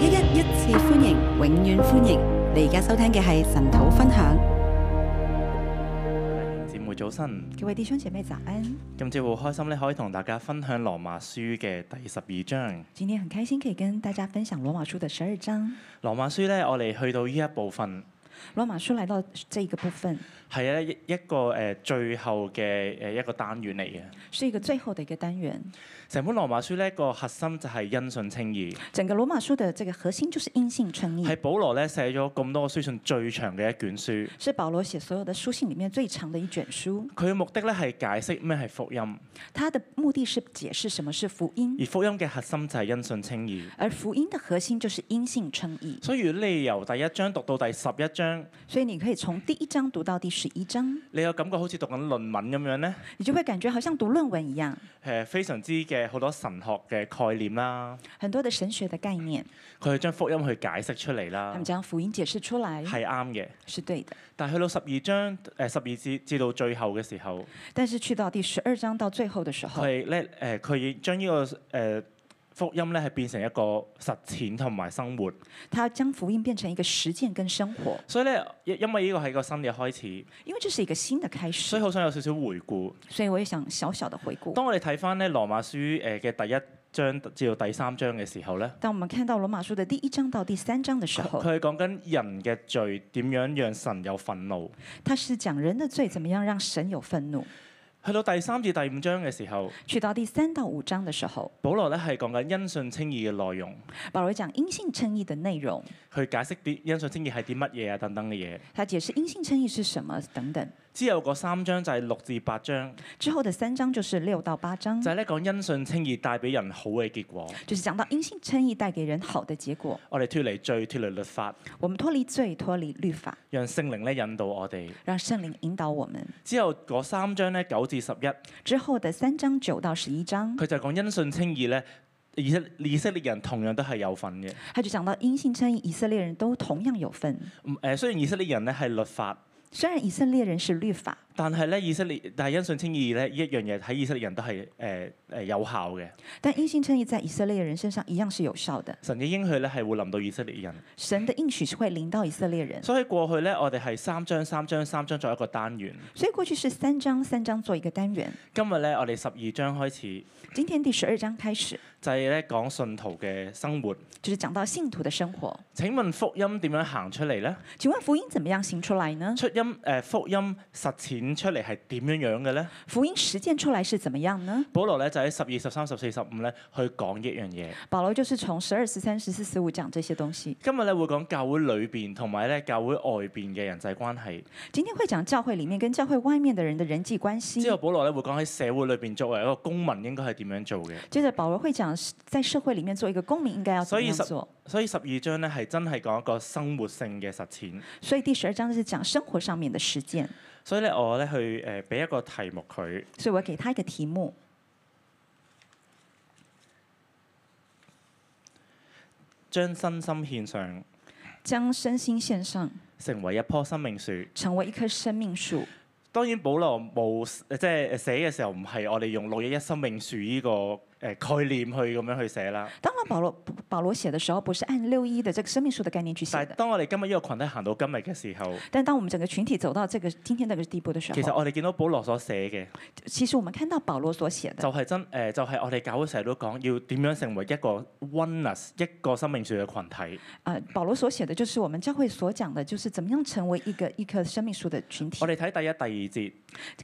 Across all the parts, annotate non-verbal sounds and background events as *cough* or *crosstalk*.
一一一次歡迎，永遠歡迎！你而家收聽嘅係神土分享。節目早晨，各位弟兄姐妹早安。今朝好開心咧，可以同大家分享羅馬書嘅第十二章。今天很開心可以跟大家分享羅馬書的十二章。羅馬書咧，我哋去到呢一部分。羅馬書嚟到這一個部分，係啊，一一個誒最後嘅誒一個單元嚟嘅，是一個、呃、最後嘅一個單元。成本羅馬書呢個核心就係因信稱義，整個羅馬書嘅這個核心就是因信稱義。係保羅呢寫咗咁多書信最長嘅一卷書，是保羅寫所有嘅書信裏面最長嘅一卷書。佢嘅目的呢係解釋咩係福音，他的目的是解釋什麼是福音，的的福音而福音嘅核心就係因信稱義，而福音嘅核心就是因信稱義。義義所以如果你由第一章讀到第十一章。所以你可以從第一章讀到第十一章，你有感覺好似讀緊論文咁樣呢，你就會感覺好像讀論文一樣，誒，非常之嘅好多神學嘅概念啦，很多嘅神學嘅概念，佢去將福音去解釋出嚟啦，佢將福音解釋出來係啱嘅，是對嘅。對但係去到十二章，誒、呃，十二節至到最後嘅時候，但是去到第十二章到最後嘅時候，係咧，誒、呃，佢將呢個誒。呃福音咧係變成一個實踐同埋生活。他將福音變成一個實踐跟生活。所以咧，因因為呢個係一個新嘅開始。因為這是一個新的開始。所以好想有少少回顧。所以我也想小小的回顧。當我哋睇返咧羅馬書誒嘅第一章至到第三章嘅時候咧。當我們看到羅馬書嘅第一章到第三章嘅時候。佢係講緊人嘅罪點樣讓神有憤怒。他是講人的罪，怎麼樣讓神有憤怒？去到第三至第五章嘅時候，去到第三到五章嘅時候，保羅咧係講緊因信稱義嘅內容。保羅講因信稱義嘅內容，去解釋啲因信稱義係啲乜嘢啊等等嘅嘢。他解釋因信稱義是什麼等等。之後嗰三章就係六至八章。之後嘅三章就是六到八章。章就係咧講因信稱義帶俾人好嘅結果。就是講到因信稱義帶俾人好嘅結果。我哋脱離罪脱離律法。我們脱離罪脱離律法。讓聖靈咧引導我哋。讓聖靈引導我們。之後嗰三章咧九。是十一之後的三章九到十一章，佢就講因信稱義咧，而以色列人同樣都係有份嘅。佢就講到因信稱義，以色列人都同樣有份。誒，雖然以色列人咧係律法，雖然以色列人是律法。但係咧以色列，但係因信稱義咧，呢一樣嘢喺以色列人都係誒誒有效嘅。但因信稱義在以色列人身上一樣是有效嘅。神嘅應許咧，係會臨到以色列人。神的應許是會臨到以色列人。以列人，所以過去咧，我哋係三章三章三章作一個單元。所以過去是三章三章作一個單元。今日咧，我哋十二章開始。今天第十二章開始。就係咧講信徒嘅生活。就是講到信徒嘅生活。請問福音點樣行出嚟咧？請問福音怎麼樣行出嚟呢？音出，呢出音誒、呃，福音實踐。演出嚟係點樣樣嘅呢？福音實踐出嚟是怎麼樣呢？保羅咧就喺十二、十三、十四、十五咧去講一樣嘢。保羅就是從十二、十三、十四、十五講這些東西。今日咧會講教會裏邊同埋咧教會外邊嘅人際關係。今天會講教會裏面跟教會外面嘅人嘅人際關係。之後保羅咧會講喺社會裏邊作為一個公民應該係點樣做嘅。接着保羅會講在社會裏面做一個公民應該要點樣做。所以十，所以十二章呢係真係講一個生活性嘅實踐。所以第十二章就係講生活上面嘅實踐。所以咧，我咧去誒俾一個題目佢。所以我給他一個題目，將身心獻上，將身心獻上，成為一棵生命樹，成為一棵生命樹。當然，保羅冇即係寫嘅時候，唔係我哋用六一一生命樹呢個，誒、呃、概念去咁樣去寫啦。當然，保羅保羅寫嘅時候，不是按六一的這個生命樹的概念去寫的。當我哋今日呢個群體行到今日嘅時候，但係當我們整個群體走到這個今天呢個地步嘅時候，其實我哋見到保羅所寫嘅，其實我們看到保羅所寫嘅，呃，就係真誒，就係我哋教會成日都講要點樣成為一個 oneness 一個生命樹嘅群體。啊，呃，保羅所寫嘅，就是我們教會所講的，就是怎麼樣成為一個一棵生命樹的群體。我哋睇第一第二節，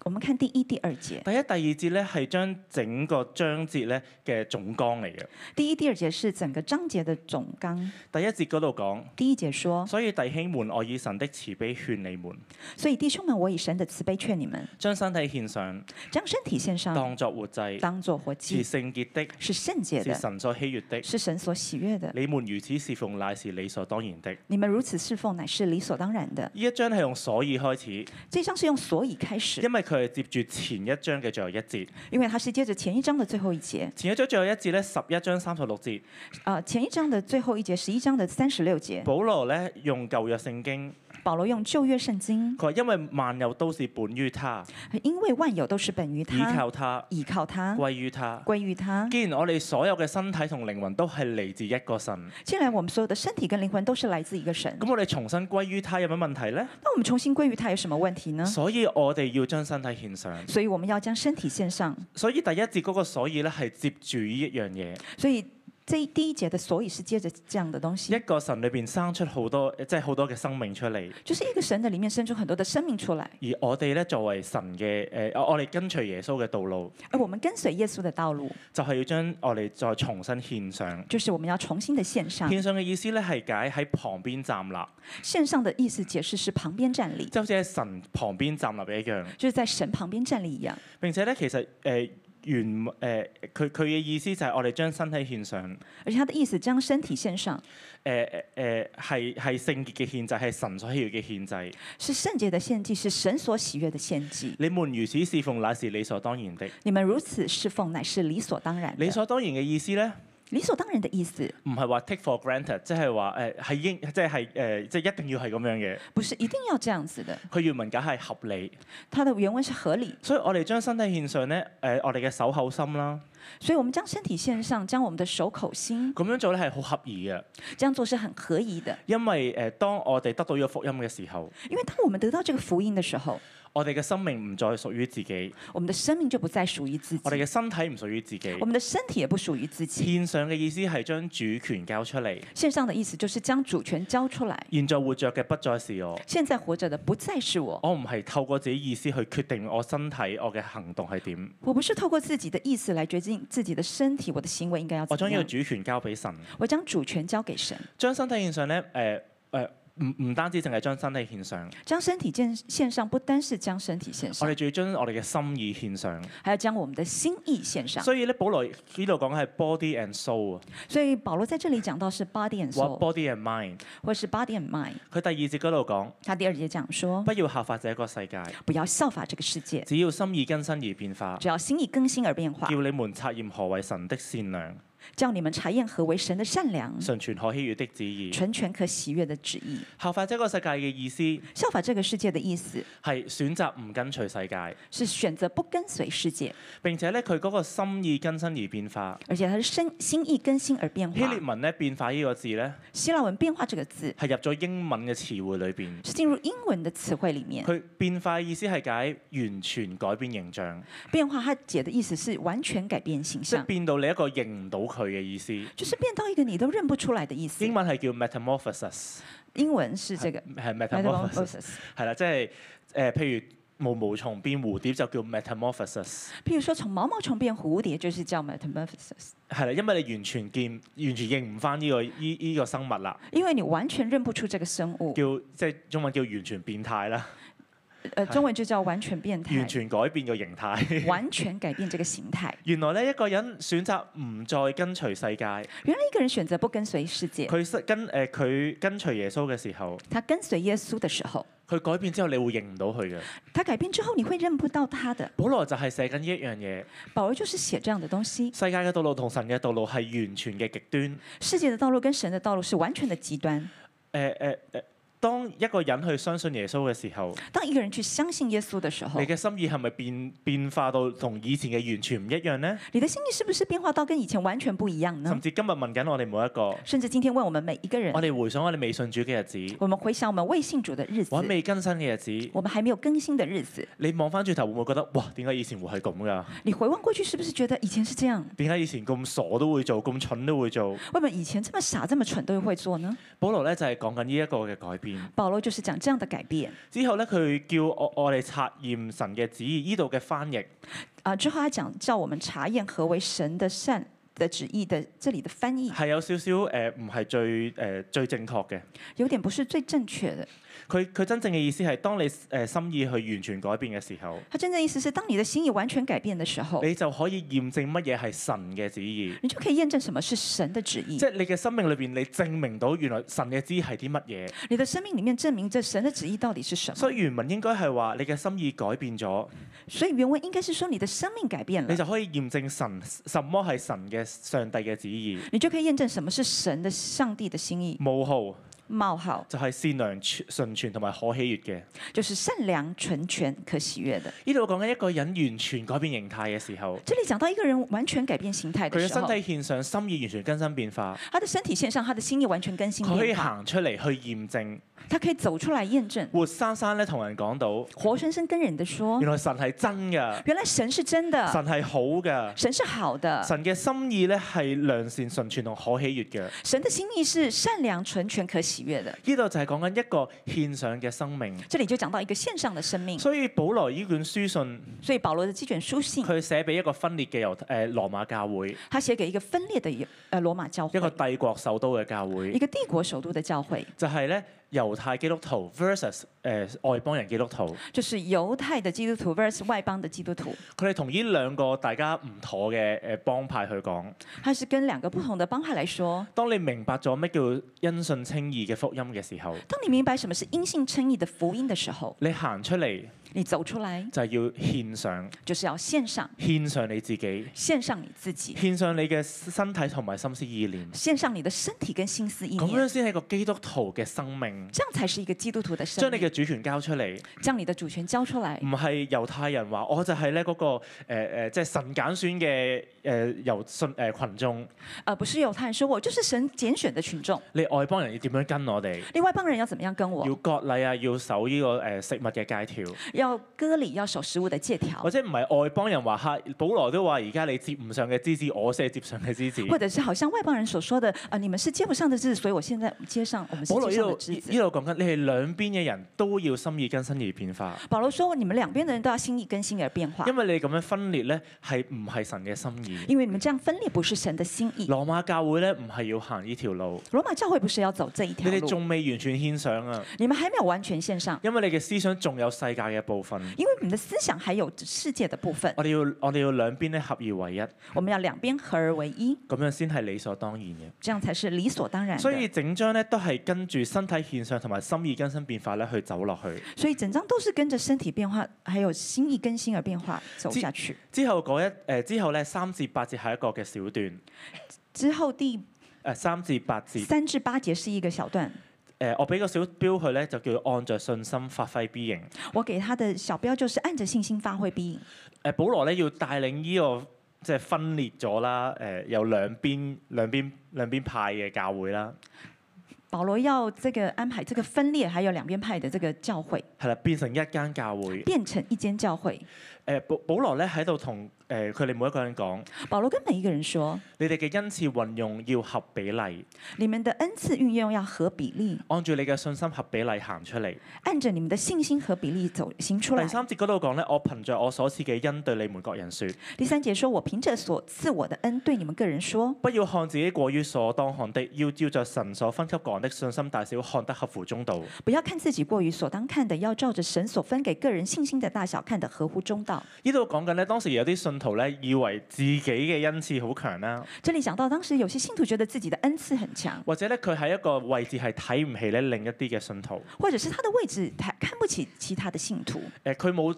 我們看第一第二節。第，節第一第二節咧係將整個章節咧。嘅總綱嚟嘅。第一、第二節是整個章節嘅總綱。第一節嗰度講。第一節說。所以弟兄們，我以神的慈悲勸你們。所以弟兄們，我以神的慈悲勸你們。將身體獻上。將身體獻上。當作活祭。當作活祭。是聖潔的。是聖潔的。是神所喜悅的。是神所喜悅的。你們如此侍奉，乃是理所當然的。你們如此侍奉，乃是理所當然的。呢一章係用所以開始。這章是用所以開始。因為佢係接住前一章嘅最後一節。因為它是接着前一章嘅最後一節。前一章最後一節咧，十一章三十六節。啊，前一章的最後一節，十一章的三十六節。節保羅咧用舊約聖經。保羅用舊約聖經，佢話，因為萬有都是本於他，因為萬有都是本於他，依靠他，依靠他，歸於他，歸於他。既然我哋所有嘅身體同靈魂都係嚟自一個神，既然我們所有嘅身體跟靈魂都是來自一個神，咁我哋重新歸於他有乜問題呢？那我們重新歸於他有什麼問題呢？所以我哋要將身體獻上，所以我們要將身體獻上。所以，獻上，所以第一節嗰個所以咧係接住呢一樣嘢，所以。這第一節的所以是接着這樣的東西。一個神裏邊生出好多，即係好多嘅生命出嚟。就是一個神的裡面生出很多的生命出嚟。而我哋咧作為神嘅誒，我哋跟隨耶穌嘅道路。誒，我們跟隨耶穌的道路，道路就係要將我哋再重新獻上。就是我們要重新的獻上獻上。獻上嘅意思咧係解喺旁邊站立。獻上嘅意思解釋是旁邊站立，就好似喺神旁邊站立一樣。就是在神旁邊站立一樣。並且咧，其實誒。呃原誒，佢佢嘅意思就係我哋將身體獻上，而且他的意思將身體獻上。誒誒誒，係係聖潔嘅獻祭，係神所喜悅嘅獻祭。是聖潔嘅獻祭，是神所喜悅嘅獻祭。你們如此侍奉，乃是理所當然的。你們如此侍奉，乃是理所當然。理所當然嘅意思咧？理所當然的意思，唔係話 take for granted，即係話誒係應即係誒、呃、即係一定要係咁樣嘅。不是一定要這樣子的。佢原文解係合理，它的原文是合理。所以我哋將身體獻上咧，誒我哋嘅手口心啦。所以我們將身體獻上，將、呃、我們嘅手口心。咁樣做咧係好合宜嘅。這樣做是很合宜的。因為誒、呃、當我哋得到呢個福音嘅時候，因為當我們得到這個福音的時候。我哋嘅生命唔再屬於自己，我們的生命就不再屬於自己。我哋嘅身體唔屬於自己，我們的身體也不屬於自己。獻上嘅意思係將主權交出嚟，獻上的意思就是將主權交出來。現在活着嘅不再是我，現在活着的不再是我。是我唔係透過自己意思去決定我身體我嘅行動係點，我不是透過自己的意思來決定自己的身體，我的行為應該要。我將呢個主權交俾神，我將主權交給神。將身體獻上咧，誒、呃、誒。呃唔唔單止淨係將身體獻上，將身體獻獻上，不單是將身體獻上。我哋仲要將我哋嘅心意獻上，還要將我們嘅心意獻上。所以咧，保羅呢度講係 body and soul。所以保羅在這裡講到是 body and soul，or body and mind，或是 body and mind。佢第二節嗰度講，他第二節講說，不要，不要效法這個世界，不要效法這個世界，只要心意更新而變化，只要心意更新而變化，叫你們察驗何為神的善良。叫你們察驗何為神的善良，純全，全可喜悅的旨意，純全可喜悅的旨意。效法這個世界嘅意思，效法這個世界的意思係選擇唔跟隨世界，是選擇不跟隨世界。世界並且咧佢嗰個心意，心意更新而變化，而且佢心心意更新而變化。希臘文咧變化呢個字咧，希臘文變化這個字係入咗英文嘅詞彙裏邊，是進入英文嘅詞彙裡面。佢變化意思係解完全改變形象，變化他解的意思是完全改變形象，即係變到你一個認唔到。佢嘅意思，就是變到一個你都認不出來嘅意思。英文係叫 metamorphosis，英文是這個係 metamorphosis，係啦，即係誒，譬如毛毛蟲變蝴蝶就叫 metamorphosis。譬如說，從毛毛蟲變蝴蝶就是叫 metamorphosis。係啦，因為你完全見，完全認唔返呢個依依、這個生物啦。因為你完全認不出這個生物，叫即係、就是、中文叫完全變態啦。呃、中文就叫完全變態，完全改變個形態， *laughs* 完全改變這個形態。原來呢，一個人選擇唔再跟隨世界。原來一個人選擇不跟隨世界。佢跟誒，佢跟隨耶穌嘅時候，他跟隨耶穌的時候，佢改變之後，你會認唔到佢嘅。他改變之後你，之後你會認不到他的。保羅就係寫緊呢一樣嘢。保羅就是寫這樣的東西。世界嘅道路同神嘅道路係完全嘅極端。世界的道路跟神的道路是完全的極端。呃呃呃呃當一個人去相信耶穌嘅時候，當一個人去相信耶穌嘅時候，你嘅心意係咪變變化到同以前嘅完全唔一樣呢？你嘅心意是不是變化到跟以前完全唔一樣呢？甚至今日問緊我哋每一個，甚至今天問我們每一個人，我哋回想我哋未信主嘅日子，我們回想我們未信主嘅日子，我，我未更新嘅日子，我們還沒有更新嘅日子，你望翻轉頭會唔會覺得，哇，點解以前會係咁噶？你回望過去是不是覺得以前是這樣？點解以前咁傻都會做，咁蠢都會做？為乜以前這麼傻這麼蠢都會做呢？保羅咧就係講緊呢一個嘅改變。保羅就是講這樣的改變。之後呢，佢叫我我哋查驗神嘅旨意。呢度嘅翻譯啊，之後他講叫我們查驗何為神的善。的旨意的，這裏的翻譯係有少少誒，唔係最誒最正確嘅。有點不是最正確的。佢佢真正嘅意思係，當你誒、呃、心意去完全改變嘅時候。佢真正意思是，當你的心意完全改變的時候，你就可以驗證乜嘢係神嘅旨意。你就可以驗證什麼是神的旨意。即係你嘅生命裏邊，你證明到原來神嘅旨意係啲乜嘢。你的生命裏面證明，這神的旨意到底是什麼？所以原文應該係話你嘅心意改變咗。所以原文應該是說你的生命改變了，你就可以驗證神什麼係神嘅。上帝嘅旨意，你就可以驗證什麼是神的上帝的心意。冒號，冒號就係善良、純全同埋可喜悦嘅，就是善良、純全、可喜悦的。呢度講緊一個人完全改變形態嘅時候，這裏講到一個人完全改變形態，佢嘅身體獻上，心意完全更新變化。他的身體獻上，他的心意完全更新。佢可以行出嚟去驗證。他可以走出來驗證。活生生咧，同人講到。活生生跟人哋說。原來神係真噶。原來神是真的。神係好噶。神是好的。神嘅心意咧係良善、純全同可喜悅嘅。神的心意是善良、純全、可喜悅的。呢度就係講緊一個獻上嘅生命。這裏就講到一個獻上的生命。所以保羅呢卷書信，所以保羅的呢卷書信，佢寫俾一個分裂嘅由誒羅馬教會。他寫給一個分裂的由誒羅馬教會。一個，教會一個帝國首都嘅教會。一個帝國首都嘅教會。就係咧。猶太基督徒 versus 誒、呃、外邦人基督徒，就是猶太的基督徒 versus 外邦的基督徒。佢哋同呢兩個大家唔妥嘅誒、呃、幫派去講，係是跟兩個不同的幫派來說，當你明白咗咩叫因信稱義嘅福音嘅時候，當你明白什麼是因信稱義的福音的時候，你行出嚟。你走出嚟，就係要獻上，就是要獻上，獻上，獻上你自己，獻上你自己，獻上你嘅身體同埋心思意念，獻上你嘅身體跟心思意念，咁樣先係個基督徒嘅生命，這樣才是一個基督徒的生。將你嘅主權交出嚟，將你嘅主權交出嚟。唔係猶太人話，我就係咧嗰個誒誒、呃，即係神揀選嘅誒猶信誒群眾。啊、呃，不是猶太人說，我就是神揀選嘅群眾。你外邦人要點樣跟我哋？你外邦人要怎麼樣跟我？要割禮啊，要守呢個誒食物嘅戒條。要割禮，要守食物的戒條，或者唔係外邦人話吓，保羅都話而家你接唔上嘅枝子，我先係接上嘅枝子。或者是好像外邦人所說的，啊，你們是接不上的枝子，所以我現在接上我羅接上的枝子。保羅要呢度講緊，你係兩邊嘅人都要心意更新而變化。保羅說，你們兩邊嘅人都要心意更新而變化。因為你咁樣分裂咧，係唔係神嘅心意？因為你們這樣分裂不是神嘅心意。羅馬教會咧，唔係要行呢條路。羅馬教會不是要走這一條路。條路，你哋仲未完全獻上啊？你們還沒有完全獻上。因為你嘅思想仲有世界嘅部分，因為我們的思想還有世界的部分。 *laughs* 我哋要我哋要兩邊咧合二為一。我們要兩邊合二為一，咁樣先係理所當然嘅。這樣才是理所當然。所，當然所以整章呢都係跟住身體現象同埋心意更新變化咧去走落去。所以整章都是跟着身體變化，還有心意更新而變化走下去。之後嗰一誒、呃、之後呢，三至八節係一個嘅小段。之後第三至八節，三至八節是一個小段。誒，我俾個小標佢咧，就叫按着信心發揮必贏。我給他的小標就是按着信心發揮必贏。誒、呃，保羅咧要帶領呢、這個即係、就是、分裂咗啦，誒、呃、有兩邊兩邊兩邊派嘅教會啦。保羅要這個安排，這個分裂，還有兩邊派嘅這個教會，係啦，變成一間教會，變成一間教會。誒、呃，保保羅咧喺度同。誒，佢哋每一個人講。保羅跟每一個人說：你哋嘅恩賜運用要合比例。你們的恩賜運用要合比例。按住你嘅信心合比例行出嚟。按着你們的信心合比例走行出嚟。第三節嗰度講呢，我憑着我所賜嘅恩對你們各人説。第三節說我憑着所賜我的恩對你們個人説。不要,要不要看自己過於所當看的，要照着神所分給各人的信心大小看得合乎中道。不要看自己過於所當看的，要照着神所分給個人信心的大小看得合乎中道。呢度講緊呢，當時有啲信。圖咧以為自己嘅恩賜好強啦、啊。這裏想到當時有些信徒覺得自己的恩賜很強，或者咧佢喺一個位置係睇唔起咧另一啲嘅信徒，或者是他的位置太看不起其他的信徒。誒、呃，佢冇。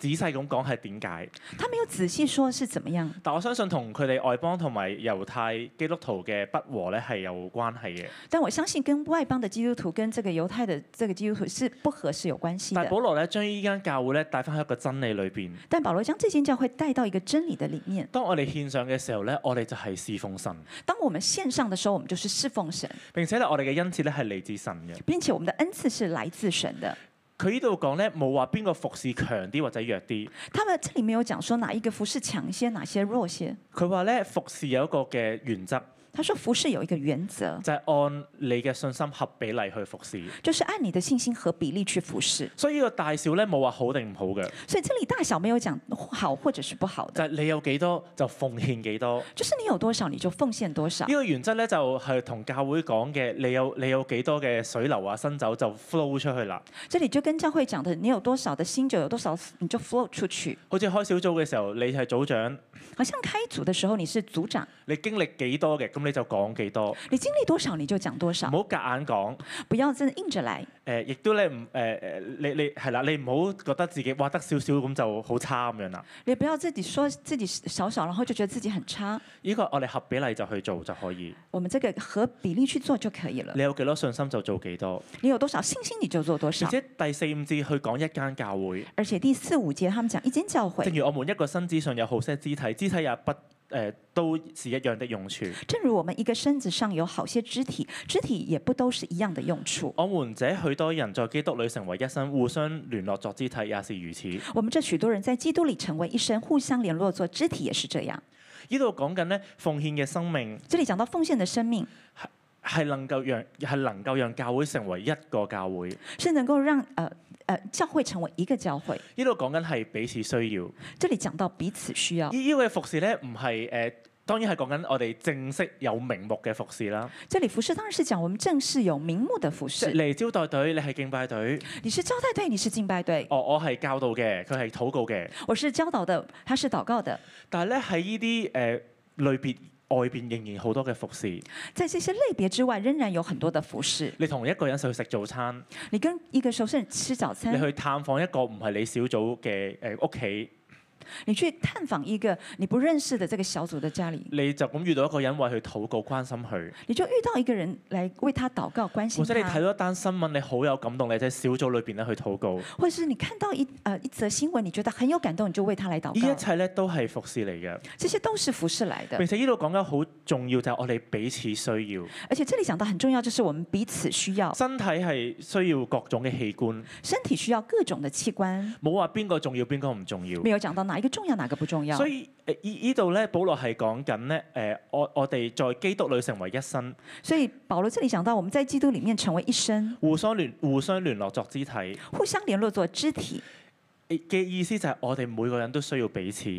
仔細咁講係點解？他沒有仔細說是怎麼樣。但我相信同佢哋外邦同埋猶太基督徒嘅不和咧係有關係嘅。但我相信跟外邦嘅基督徒跟這個猶太的這個基督徒是不合是有關係。但保羅咧將依間教會咧帶翻喺一個真理裏邊。但保羅將這間教會帶到一個真理嘅理念。當我哋獻上嘅時候咧，我哋就係侍奉神。當我們獻上嘅時候，我們就是侍奉神。並且咧，我哋嘅恩賜咧係嚟自神嘅。並且我們嘅恩賜是來自神嘅。佢呢度講咧冇話邊個服侍強啲或者弱啲。他們這裡沒有講說哪一個服侍強些，哪些弱些。佢話咧服侍有一個嘅原則。他說服事有一個原則，就係按你嘅信心合比例去服侍，就是按你的信心合比例去服侍。服所以呢個大小咧冇話好定唔好嘅。所以這裡大小沒有講好或者是不好的。就係你有幾多就奉獻幾多，就是你有多少你就奉獻多少。呢個原則咧就係、是、同教會講嘅，你有你有幾多嘅水流啊新酒，就 flow 出去啦。這裡就跟教會講，嘅，你有多少的新、啊、酒有多少你就 flow 出去。好似開小組嘅時候，你係組長。好像開組的時候，你是組長。你經歷幾多嘅，咁你就講幾多。你經歷多少你就講多少。唔好夾硬講，不要真的硬着來。誒，亦、呃、都咧唔誒誒，你，你係啦，你唔好覺得自己話得少少咁就好差咁樣啦。你不要自己說自己少少，然後就覺得自己很差。呢個我哋合比例就去做就可以。我們這個合比例去做就可以了。你有幾多信心就做幾多。你有多少信心你就做多少。而且第四五節去講一間教會。而且第四五節他們講一間教會。正如我們一個身子上有好些肢體，肢體也不。呃，都是一樣的用處。正如我們一個身子上有好些肢體，肢體也不都是一樣的用處。我們這許多人在基督裏成為一身，互相聯絡作肢體，也是如此。我們這許多人在基督裏成為一身，互相聯絡作肢體，也是這樣。呢度講緊咧，奉獻嘅生命。這裡講到奉獻嘅生命。係能夠讓係能夠讓教會成為一個教會，是能夠讓誒誒教會成為一個教會。呢度講緊係彼此需要，這裏講到彼此需要。呢呢個服侍咧唔係誒，當然係講緊我哋正式有名目嘅服侍啦。這裏服侍，當然是講我們正式有名目嘅服，服，服侍。嚟招待隊，你係敬拜隊，你是招待隊，你是敬拜隊。隊拜隊哦，我係教導嘅，佢係禱告嘅。我是教導的，他是禱告的。的的但係咧喺呢啲誒、呃、類別。外邊仍然好多嘅服侍，在這些類別之外，仍然有很多嘅服侍。你同一個人去食早餐，你跟一個熟人吃早餐，你去探訪一個唔係你小組嘅誒屋企。呃你去探訪一個你不認識的這個小組的家裏，你就咁遇到一個人為佢禱告關心佢，你就遇到一個人來為他禱告關心他。或者你睇到一單新聞，你好有感動，你就喺小組裏邊咧去禱告，或者是你看到一呃，一則新聞，你覺得很有感動，你就為他來禱告。呢一切咧都係服侍嚟嘅，這些都是服侍嚟嘅。並且呢度講緊好重要就係我哋彼此需要，而且這裏講到很重要就是我們彼此需要，身體係需要各種嘅器官，身體需要各種嘅器官，冇話邊個重要邊個唔重要，沒有講到。哪一個重要，哪個不重要？所以，喺呢度呢，保羅係講緊呢，誒、呃，我我哋在基督裏成為一身。所以保羅這裏講到，我們在基督裏面成為一身，互相聯互相聯絡作肢體，互相聯絡作肢體。嘅意思就係我哋每個人都需要彼此。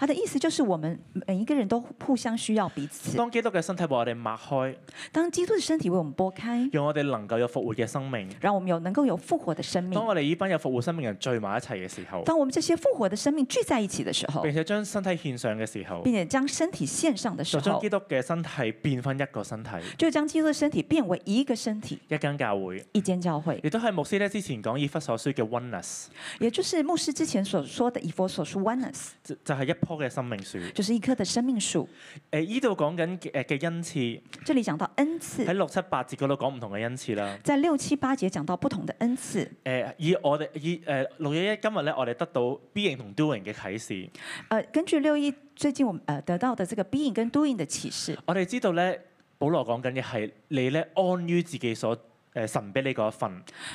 他的意思就是我們每一個人都互相需要彼此。當基督嘅身體為我哋擘開，當基督嘅身體為我們擘開，讓我們能夠有復活嘅生命。讓我們有能夠有復活嘅生命。當我哋呢班有復活生命人聚埋一齊嘅時候，當我們這些復活嘅生命聚在一起嘅時候，並且將身體獻上嘅時候，並且將身體獻上的時候，時候就將基督嘅身體變翻一個身體，就將基督嘅身體變為一個身體，一間教會，一間教會。亦都係牧師呢之前講以弗所書嘅 oneness 也就是是之前所說的以弗所說，oneness 就係一棵嘅生命樹，就是一棵嘅生命樹。誒，呢度講緊誒嘅恩賜，這裡講到恩賜，喺六七八節嗰度講唔同嘅恩賜啦。在六七八節講到不同的恩賜。誒、呃，以我哋以誒六一一、呃、今日咧，我哋得到 being 同 doing 嘅啟示。誒、呃，根據六一最近我誒得到的這個 being 跟 doing 嘅啟示，我哋知道咧，保羅講緊嘅係你咧安於自己所。誒神俾你嗰一份，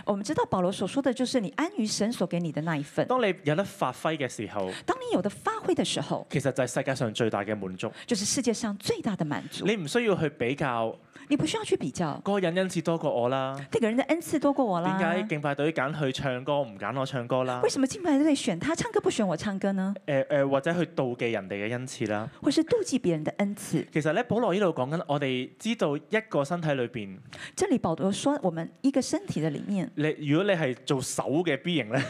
我們知道保羅所說的就是你安於神所給你的那一份。當你有得發揮嘅時候，當你有得發揮嘅時候，其實就係世界上最大嘅滿足，就是世界上最大嘅滿足。你唔需要去比較，你不需要去比較，嗰個人恩賜多過我啦，嗰個人嘅恩賜多過我啦。點解敬拜隊揀佢唱歌唔揀我唱歌啦？為什麼敬拜隊選他唱歌不選我唱歌呢？誒誒、呃呃，或者去妒忌人哋嘅恩賜啦，或是妒忌別人嘅恩賜。其實咧，保羅呢度講緊，我哋知道一個身體裏邊。這裡保羅說。我們一個身體的理念。你，如果你係做手嘅 B 型咧，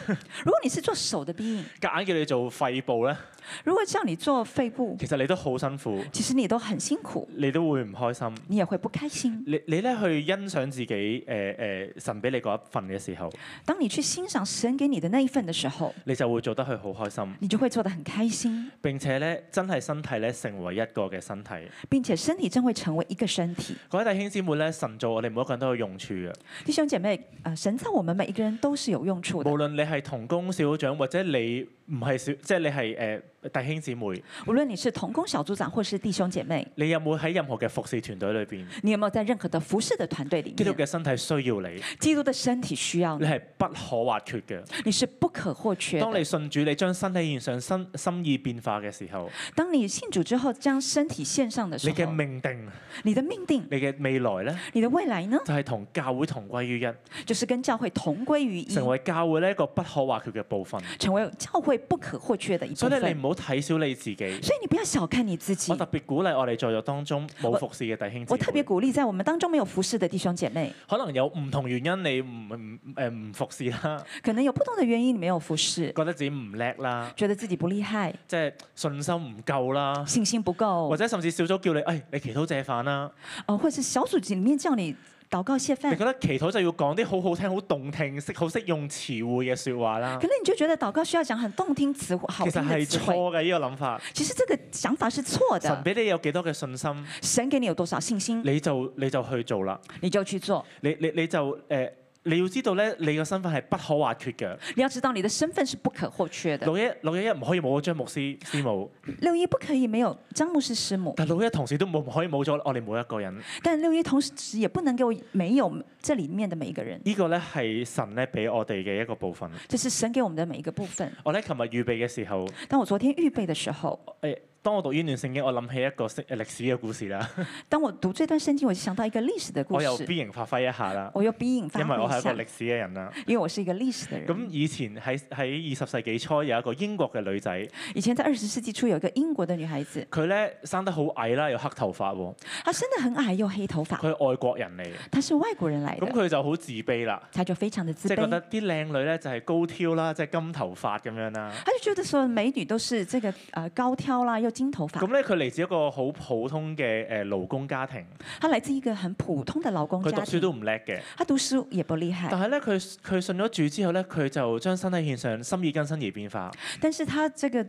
如果你是做手的 B 型呢，夾 *laughs* 硬叫你做肺部咧。如果叫你做肺部，其實你都好辛苦。其實你都很辛苦，你都辛苦你都會唔開心。你也會不開心。你你咧去欣賞自己誒誒、呃呃、神俾你嗰一份嘅時候，當你去欣賞神給你的那一份嘅時候，你就會做得去好開心。你就會做得很開心，開心並且咧真係身體咧成為一個嘅身體，並且身體真會成為一個身體。各位弟兄姊妹咧，神造我哋每一個人都有用處嘅。弟兄姐妹，誒，神造我們每一個人都是有用處，無論你係同工小組長或者你。唔係小，即係你係誒、呃、弟兄姊妹。無論你是同工小組長或是弟兄姐妹，你有冇喺任何嘅服侍團隊裡邊，你有冇在任何的服侍的團隊裡面？基督嘅身體需要你。基督嘅身體需要你。你係不可或缺嘅。你是不可或缺。你或缺當你信主，你將身體獻上心，心心意變化嘅時候，當你信主之後將身體獻上的時候。你嘅命定。你的命定。你嘅未來咧？你的未來呢？就係同教會同歸於一。就是跟教會同歸於一，一成為教會呢一個不可或缺嘅部分。成為教會。不可或缺的一部分，所以你唔好睇小你自己。所以你不要小看你自己。我特別鼓勵我哋在座當中冇服侍嘅弟兄姊妹。我特別鼓勵在我們當中沒有服侍的弟兄姐妹。可能有唔同原因你唔誒、唔服侍啦。可能有不同的原因你沒有、呃、服侍，覺得自己唔叻啦，覺得自己不厲害，即係信心唔夠啦，信心不夠，或者甚至小組叫你誒、哎，你祈禱謝飯啦。哦，或者小組裏面叫你。禱告謝飯，你覺得祈禱就要講啲好好聽、好動聽、識好識用詞彙嘅說話啦？可能你就覺得禱告需要講很動聽詞彙，其實係錯嘅呢個諗法。其實這個想法是錯的。神俾你有幾多嘅信心？神給你有多少信心？你就你就去做啦。你就去做，你就去做你。你你你就誒。呃你要知道咧，你個身份係不可或缺嘅。你要知道你嘅身份是不可或缺嘅。缺六一六一一唔可以冇咗張牧師師母。六一不可以沒有張牧師師母。但六一同時都冇唔可以冇咗我哋每一個人。但六一同時也不能夠沒有這裏面嘅每一個人。個呢個咧係神咧俾我哋嘅一個部分。就是神給我們嘅每一個部分。我咧琴日預備嘅時候。當我昨天預備嘅時候。哎當我讀依段聖經，我諗起一個史歷史嘅故事啦。 *laughs* 當我讀這段聖經，我就想到一個歷史嘅故事。我有必形發揮一下啦。我有必形發揮一下，因為我係一個歷史嘅人啦。因為我是一個歷史嘅人，人。咁 *laughs* 以前喺喺二十世紀初有一個英國嘅女仔。以前喺二十世紀初有一個英國嘅女孩子。佢咧生得好矮啦，有黑頭髮喎。她生得很矮又黑頭髮。佢係外國人嚟。她是外國人嚟。咁佢就好自卑啦。佢就非常之自卑，即係覺得啲靚女咧就係高挑啦，即係金頭髮咁樣啦。佢就覺得所有美女都是即個誒高挑啦，金頭髮。咁咧，佢嚟自一個好普通嘅誒勞工家庭。佢嚟自一個很普通嘅勞工家庭。佢讀書都唔叻嘅。他讀書也不厲害。但係咧，佢佢信咗主之後咧，佢就將身體獻上，心意更新而變化。但是他這個誒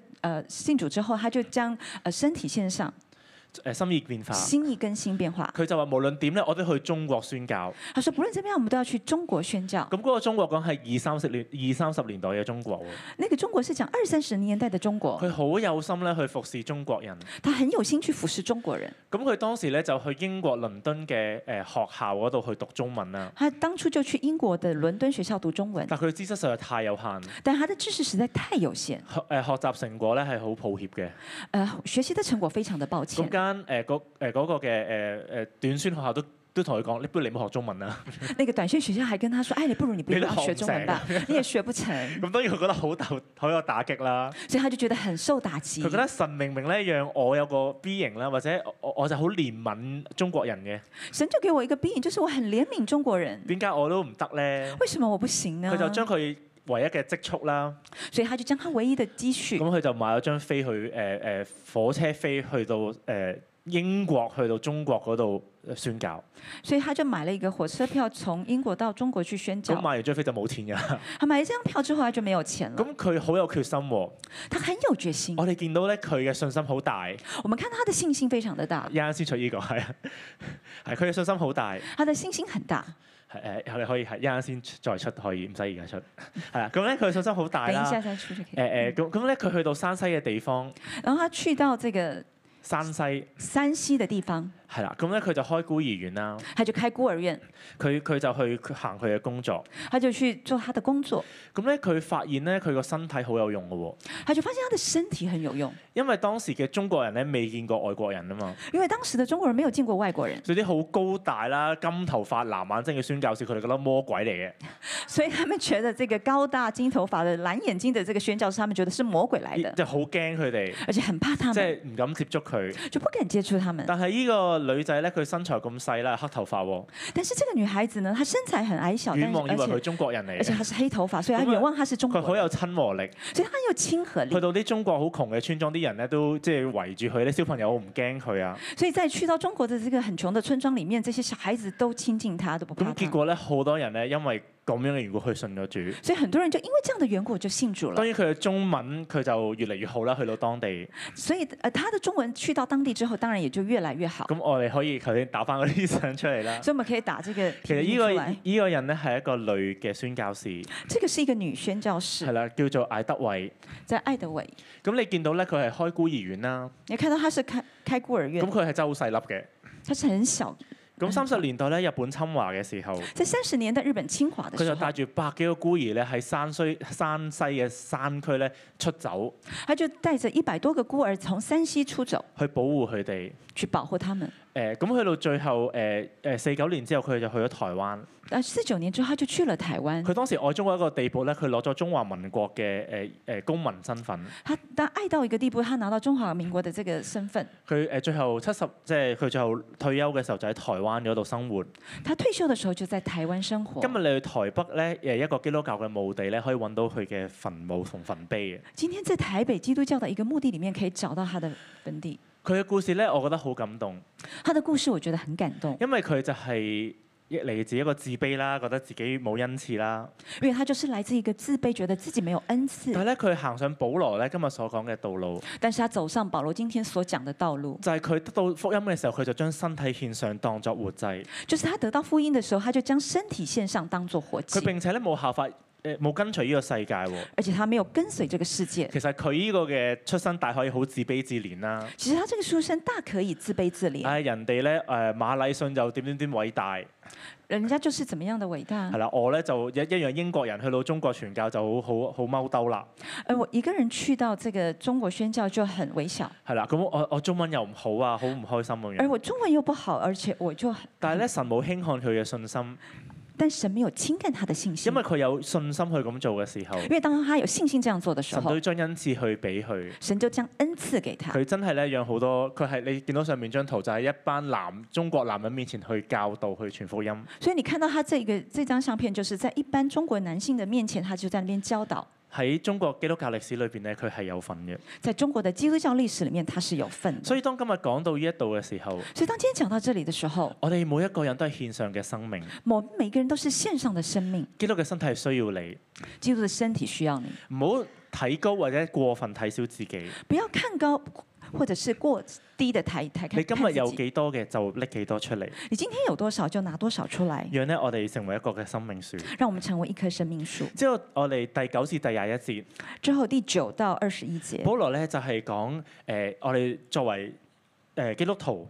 信、呃、主之後，他就將誒、呃、身體獻上。誒心意變化，心意更新變化。佢就話無論點咧，我都去中國宣教。佢話：無論怎樣，我們都要去中國宣教。咁嗰個中國講係二三十年二三十年代嘅中國呢。那個中國是講二三十年代嘅中國。佢好有心咧去服侍中國人。他很有心去服侍中國人。咁佢當時咧就去英國倫敦嘅誒學校嗰度去讀中文啦。他當初就去英國嘅倫敦學校讀中文。但佢知識實在太有限。但他的知識實在太有限。學誒學習成果咧係好抱歉嘅。誒，學習的成果非常的抱歉。班誒嗰個嘅誒誒短宣學校都都同佢講，你不如你唔好學中文啊。」呢個短宣學校還跟佢講：哎，你不如你不要學中文吧，你， *laughs* 你也學不成。咁當然佢覺得好大好有打擊啦。所以他就覺得很受打擊。佢覺得神明明咧讓我有個 B 型啦，或者我我就好憐憫中國人嘅。神就給我一個 B 型，就是我很憐憫中國人。點解我都唔得咧？為什麼我不行呢？」佢就將佢。唯一嘅積蓄啦，所以他就將他唯一嘅積蓄，咁佢就買咗張飛去誒誒、呃呃、火車飛去到誒英國去到中國嗰度宣教，所以他就買了一個火車票從英國到中國去宣教。咁買完張飛就冇錢㗎，佢買咗張票之後他沒有，佢就冇錢啦。咁佢好有決心喎、啊，他很有決心。我哋見到咧，佢嘅信心好大。我們看，他的，我們看他的信心非常的大。啱先出呢、這個係，係佢嘅信心好大。他的信心很大。係誒，你可以係一陣先再出可以，唔使而家出。係啦，咁咧佢信心好大啦。誒誒，咁咁咧佢去到山西嘅地方。然後佢去到這個山西，山西嘅地方。係啦，咁咧佢就開孤兒院啦。佢就開孤兒院。佢佢就，就去行佢嘅工作。佢就去做他的工作。咁咧佢發現咧佢個身體好有用嘅喎。他就發現他的身體很有用。因為當時嘅中國人咧未見過外國人啊嘛。因為當時嘅中國人沒有見過外國人。嗰啲好高大啦、金頭髮、藍眼睛嘅宣教師，佢哋覺得魔鬼嚟嘅。所以他們覺得這個高大金頭髮的藍眼睛的這個宣教師，他們覺得是魔鬼嚟嘅。即係好驚佢哋，而且很怕他，即係唔敢接觸佢，就不敢接觸他們。他們但係依、這個。女仔咧，佢身材咁細啦，黑頭髮喎、哦。但是呢個女孩子呢，她身材很矮小，望以為佢中國人嚟嘅，而且而且她是黑頭髮，所以她遠望她是中國人。佢好有親和力，所以她有親和力。去到啲中國好窮嘅村莊，啲人咧都即係圍住佢咧，小朋友唔驚佢啊。所以在去到中國的這個很窮的村莊裡面，這些小孩子都親近她，都不怕怕。咁結果咧，好多人咧，因為咁樣嘅緣故，去信咗主。所以很多人就因為這樣嘅緣故就信主了。當然佢嘅中文佢就越嚟越好啦，去到當地。所以，呃，他的中文去到當地之後，當然也就越來越好。咁我哋可以頭先打返嗰啲相出嚟啦。所以咪可以打呢個，這個。其實呢個呢個人咧係一個女嘅宣教士。呢個是一個女宣教士。係啦，叫做艾德偉。即艾德偉。咁你見到咧，佢係開孤兒院啦。你看到他是開開孤兒院。咁佢係真係好細粒嘅。佢是很小。 *laughs* 咁三十年代咧，日本侵華嘅時候，即三十年代日本侵華的時候，佢就帶住百幾個孤兒咧，喺山西山西嘅山區咧出走。他就帶着一百多個孤兒從山西出走去保護佢哋，去保護他們。誒，咁去、欸、到最後，誒誒四九年之後，佢哋就去咗台灣。四九年之後他就去了台灣。佢當時愛中國一個地步咧，佢攞咗中華民國嘅誒誒公民身份。他但愛到一個地步，他拿到中華民國的這個身份。佢誒、呃、最後七十，即係佢最後退休嘅時候就喺台灣嗰度生活。他退休嘅時候就在台灣生活。今日你去台北咧，誒一個基督教嘅墓地咧，可以搵到佢嘅墳墓同墳碑嘅。今天在台北基督教嘅一個墓地裡面，可以找到他的墳地。佢嘅故事咧，我覺得好感動。他的故事，我覺得很感動。感動因為佢就係、是。嚟自一個自卑啦，覺得自己冇恩賜啦。因為他就是來自一個自卑，覺得自己沒有恩賜。但係咧，佢行上保羅咧今日所講嘅道路。但是他走上保羅今天所講嘅道路，就係佢得到福音嘅時候，佢就將身體獻上當作活祭。就是他得到福音嘅時候，他就將身體獻上當作活祭。佢並且咧冇效法。誒冇跟隨呢個世界喎、哦，而且他沒有跟隨這個世界。其實佢呢個嘅出身大可以好自卑自憐啦。其實他這個出身大，啊、大可以自卑自憐。啊、哎，人哋咧誒馬禮遜就點點點偉大，人家就是怎麼樣的偉大、啊。係啦，我咧就一一樣英國人去到中國傳教就好好好踎兜啦。而我一個人去到這個中國宣教就很微小。係啦，咁我我中文又唔好啊，好唔開心咁樣。而我中文又不好，而且我就但係咧，神冇輕看佢嘅信心。嗯但神沒有輕看他的信心，因為佢有信心去咁做嘅時候，因為當他有信心這樣做嘅時候，神都將恩賜去俾佢，神就將恩賜給他。佢真係咧讓好多，佢係你見到上面張圖就喺一班男中國男人面前去教導去傳福音。所以你看到他這個這張相片，就是在一般中國男性的面前，他就在那邊教導。喺中國基督教歷史裏邊咧，佢係有份嘅。在中國的基督教歷史裏面，它是有份。所以當今日講到呢一度嘅時候，所以當今天講到這裏的時候，我哋每一個人都係獻上嘅生命。我們每個人都是獻上嘅生命。基督嘅身體需要你，基督嘅身體需要你。唔好睇高或者過分睇小自己。不要看高。或者是過低的抬抬開，你今日有幾多嘅就拎幾多出嚟。你今天有多少就拿多少出嚟。讓咧我哋成為一個嘅生命樹。讓我們成為一棵生命樹。之後我哋第九至第廿一節，之後第九到二十一節，保羅咧就係講誒，我哋作為誒、呃、基督徒。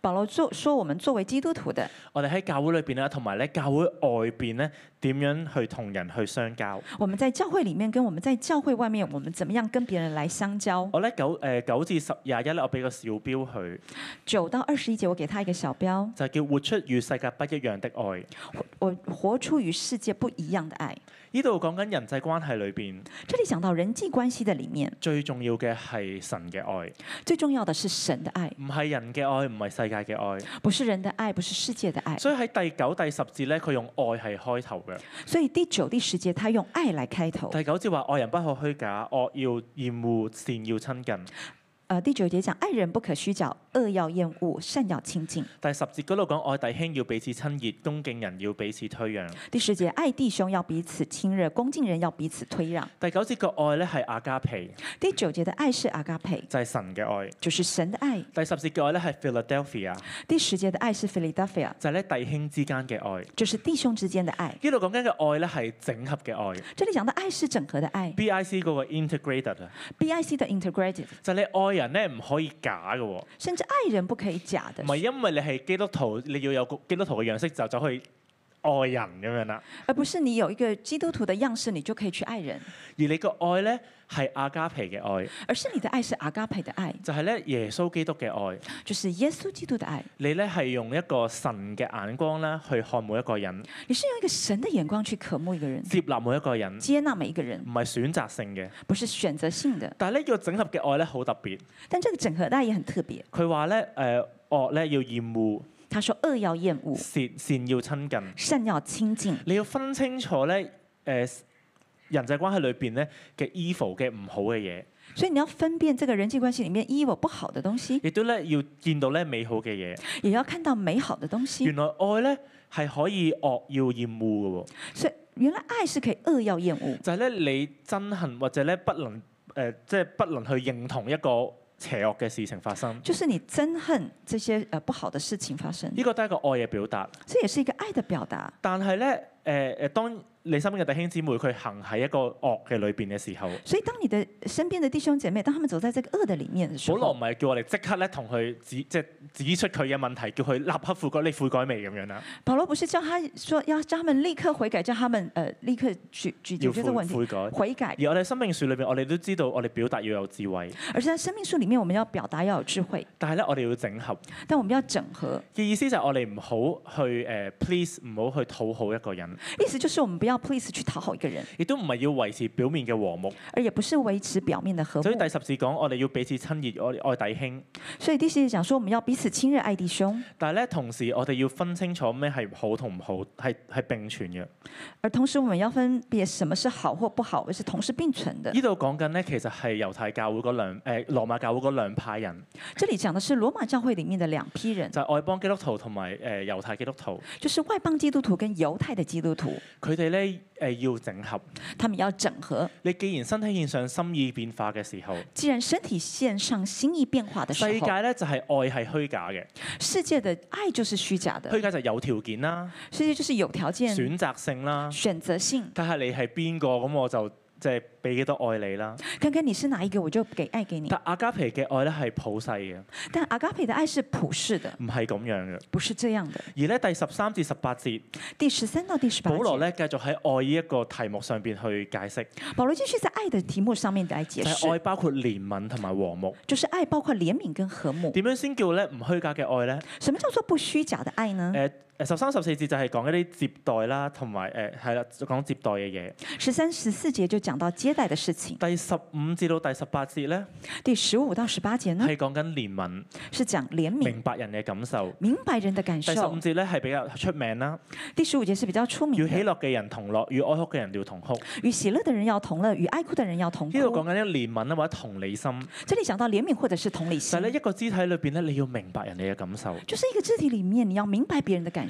保羅做說，我們，作為基督徒的，我哋喺教會裏邊啦，同埋咧教會外邊咧，點樣去同人去相交？我們在教會裏面，跟我們在教會外面，我們怎麼樣跟別人來相交？我咧九、誒，九至十廿一咧，我俾個小標佢，九到二十一節，我給他一個小標，就叫活出與世界不一樣的愛。我活出與世界不一樣的愛。呢度講緊人際關係裏邊，這裏講到人際關係的裏面，最重要嘅係神嘅愛，最重要的是神的愛，唔係人嘅愛，唔係世界嘅愛，不是人的愛，不是世界的愛。的愛的愛所以喺第九第十節咧，佢用愛係開頭嘅。所以第九第十節，他用愛來開頭。第九節話：愛人不可虛假，惡要厭惡，善要親近。呃，uh, 第九節講愛人不可虛假，惡要厭惡，善要親近。第十節嗰度講愛弟兄要彼此親熱，恭敬人要彼此推讓。第十節愛弟兄要彼此親熱，恭敬人要彼此推讓。第九節個愛咧係阿加皮，第九節嘅愛是阿加皮，就係神嘅愛，就是神嘅愛。愛第十節嘅愛咧係 Philadelphia。第十節嘅愛是 Philadelphia，就係咧弟兄之間嘅愛，就是弟兄之間嘅愛。呢度講緊嘅愛咧係整合嘅愛。這裡講到愛是整合嘅愛，BIC 嗰個 integrated 啊，BIC 的 integrated 就係咧愛。人咧唔可以假嘅，甚至愛人不可以假的。唔係因為你係基督徒，你要有個基督徒嘅樣式就可以。愛人咁樣啦，而不是你有一個基督徒的樣式，你就可以去愛人。而你個愛呢，係阿加皮嘅愛，而是你的愛是阿加皮嘅愛，就係呢耶穌基督嘅愛，就是耶穌基督嘅愛。愛你呢係用一個神嘅眼光咧去看每一個人，你是用一個神嘅眼光去渴慕一個人，接納每一個人，接納每一個人，唔係選擇性嘅，不是選擇性嘅。但係呢個整合嘅愛呢，好特別，但這個整合，它也很特別。佢話呢，誒、呃，惡、呃、咧要厭惡。他說惡要厭惡，善善要親近，善要親近。要親近，你要分清楚咧，誒、呃，人際關係裏邊咧嘅 evil 嘅唔好嘅嘢。所以你要分辨這個人際關係裏面 evil 不好的東西。亦都咧要見到咧美好嘅嘢，也要看到美好嘅東西。原來愛咧係可以惡要厭惡嘅、哦，所以原來愛是可以惡要厭惡。就係咧你憎恨或者咧不能誒、呃，即係不能去認同一個。邪惡嘅事情發生，就是你憎恨這些誒、呃、不好的事情發生。呢個都係一個愛嘅表達，這也是一個愛的表達。但係呢，誒、呃、誒當，你身邊嘅弟兄姊妹，佢行喺一個惡嘅裏邊嘅時候，所以當你的身邊嘅弟兄姐妹，當佢們走喺這個惡嘅裡面嘅時候，保羅唔係叫我哋即刻咧同佢指即係指出佢嘅問題，叫佢立刻悔改，你悔改未咁樣啦？保羅不是叫他說要叫他們立刻悔改，叫他們誒、呃、立刻去解決呢個問題。悔改。而我哋生命樹裏邊，我哋都知道，我哋表達要有智慧。而在生命樹裡面，我們要表達要有智慧。但係咧，我哋要整合。但我們要整合嘅意思就係我哋唔好去誒，please 唔好去討好一個人。意思就是我們不要。Uh, please, 不要 Please 去討好一個人，亦都唔係要維持表面嘅和睦，而也不是維持表面嘅和睦。所以第十節講，我哋要彼此親熱，愛愛弟兄。所以第十節講說，我們要彼此親熱，愛弟兄。弟兄，但係咧，同時我哋要分清楚咩係好同唔好，係係並存嘅。而同時，我們要分別什麼是好或不好，而是同時並存嘅。」呢度講緊呢，其實係猶太教會嗰兩，誒，羅馬教會嗰兩派人。這裡講的是羅馬教會裡面的兩批人，就係外邦基督徒同埋誒，猶太基督徒，就是外邦基督徒跟猶太嘅基督徒。佢哋咧。誒，要整合。他們要整合。你既然身體獻上心意變化嘅時候，既然身體獻上心意變化的時候，世界咧就係愛係虛假嘅。世界的愛就是虛假的，虛假就有條件啦。世界就是有條件，選擇性啦，選擇性。睇下你係邊個，咁我就。即係俾幾多愛你啦。看看你是哪一個，我就給愛給你。但阿加皮嘅愛咧係普世嘅。但阿加皮嘅愛是普世嘅，唔係咁樣嘅。不是這樣嘅。而咧第十三至十八節，第十三到第十八節。保羅咧繼續喺愛呢一個題目上邊去解釋。保羅繼續喺愛嘅題目上面來解釋。愛包括憐憫同埋和睦。就是愛包括憐憫跟和睦。點樣先叫咧唔虛假嘅愛咧？什麼叫做不虛假嘅愛呢？呃十三十四節就係講一啲接待啦，同埋誒係啦，講接待嘅嘢。十三十四節就講到接待嘅事情。第十五至到第十八節咧？第十五到十八節呢？係講緊憐憫。是講憐憫。明白人嘅感受。明白人嘅感受。第十五節咧係比較出名啦。第十五節係比較出名。與喜樂嘅人同樂，與哀哭嘅人要同哭。與喜樂嘅人要同樂，與哀哭嘅人要同哭要同。呢度講緊一憐憫啊，或者同理心。即你講到憐憫或者是同理心。但係咧一個肢體裏邊咧，你要明白人哋嘅感受。就是一個肢體裡面你要明白別人的感。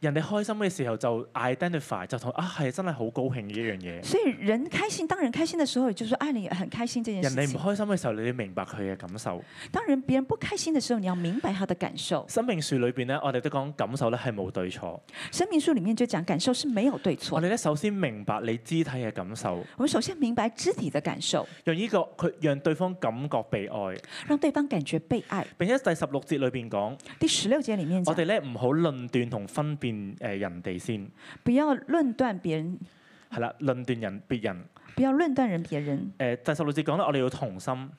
人哋開心嘅時候就 identify 就同啊係真係好高興呢一樣嘢。所以人開心，當人開心嘅時候，就是阿你也很開心。這件事。人哋唔開心嘅時候，你要明白佢嘅感受。當人別人不開心嘅時候，你要明白他的感受。人人感受生命樹裏邊呢，我哋都講感受咧係冇對錯。生命樹裡面就講感受是沒有對錯。我哋咧首先明白你肢體嘅感受。我首先明白肢體嘅感受。用呢、這個佢讓對方感覺被愛。讓對方感覺被愛。被愛並且第十六節裏邊講。第十六節裡面。裡面我哋咧唔好論斷同分辨。誒，人哋先，不要論斷別人。係啦，論斷人別人，不要論斷人別人。誒、呃，第十六節講咧，我哋要同心。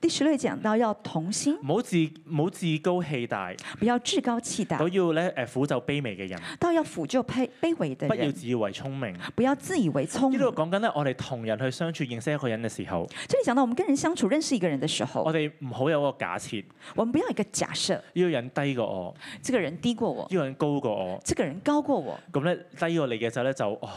第十六講到要同心，唔好自唔好自高氣大，不要自高氣大。我要咧誒，俯、呃、就卑微嘅人，都要俯就卑卑微嘅人。不要自以為聰明，不要自以為聰明。呢度講緊咧，我哋同人去相處認識一個人嘅時候，這裏講到我們跟人相處認識一個人嘅時候，我哋唔好有個假設，我唔不要一個假設，要，設要人低過我，這個人低過我，要人高過我，這個人高過我。咁咧低過你嘅時候咧就哦。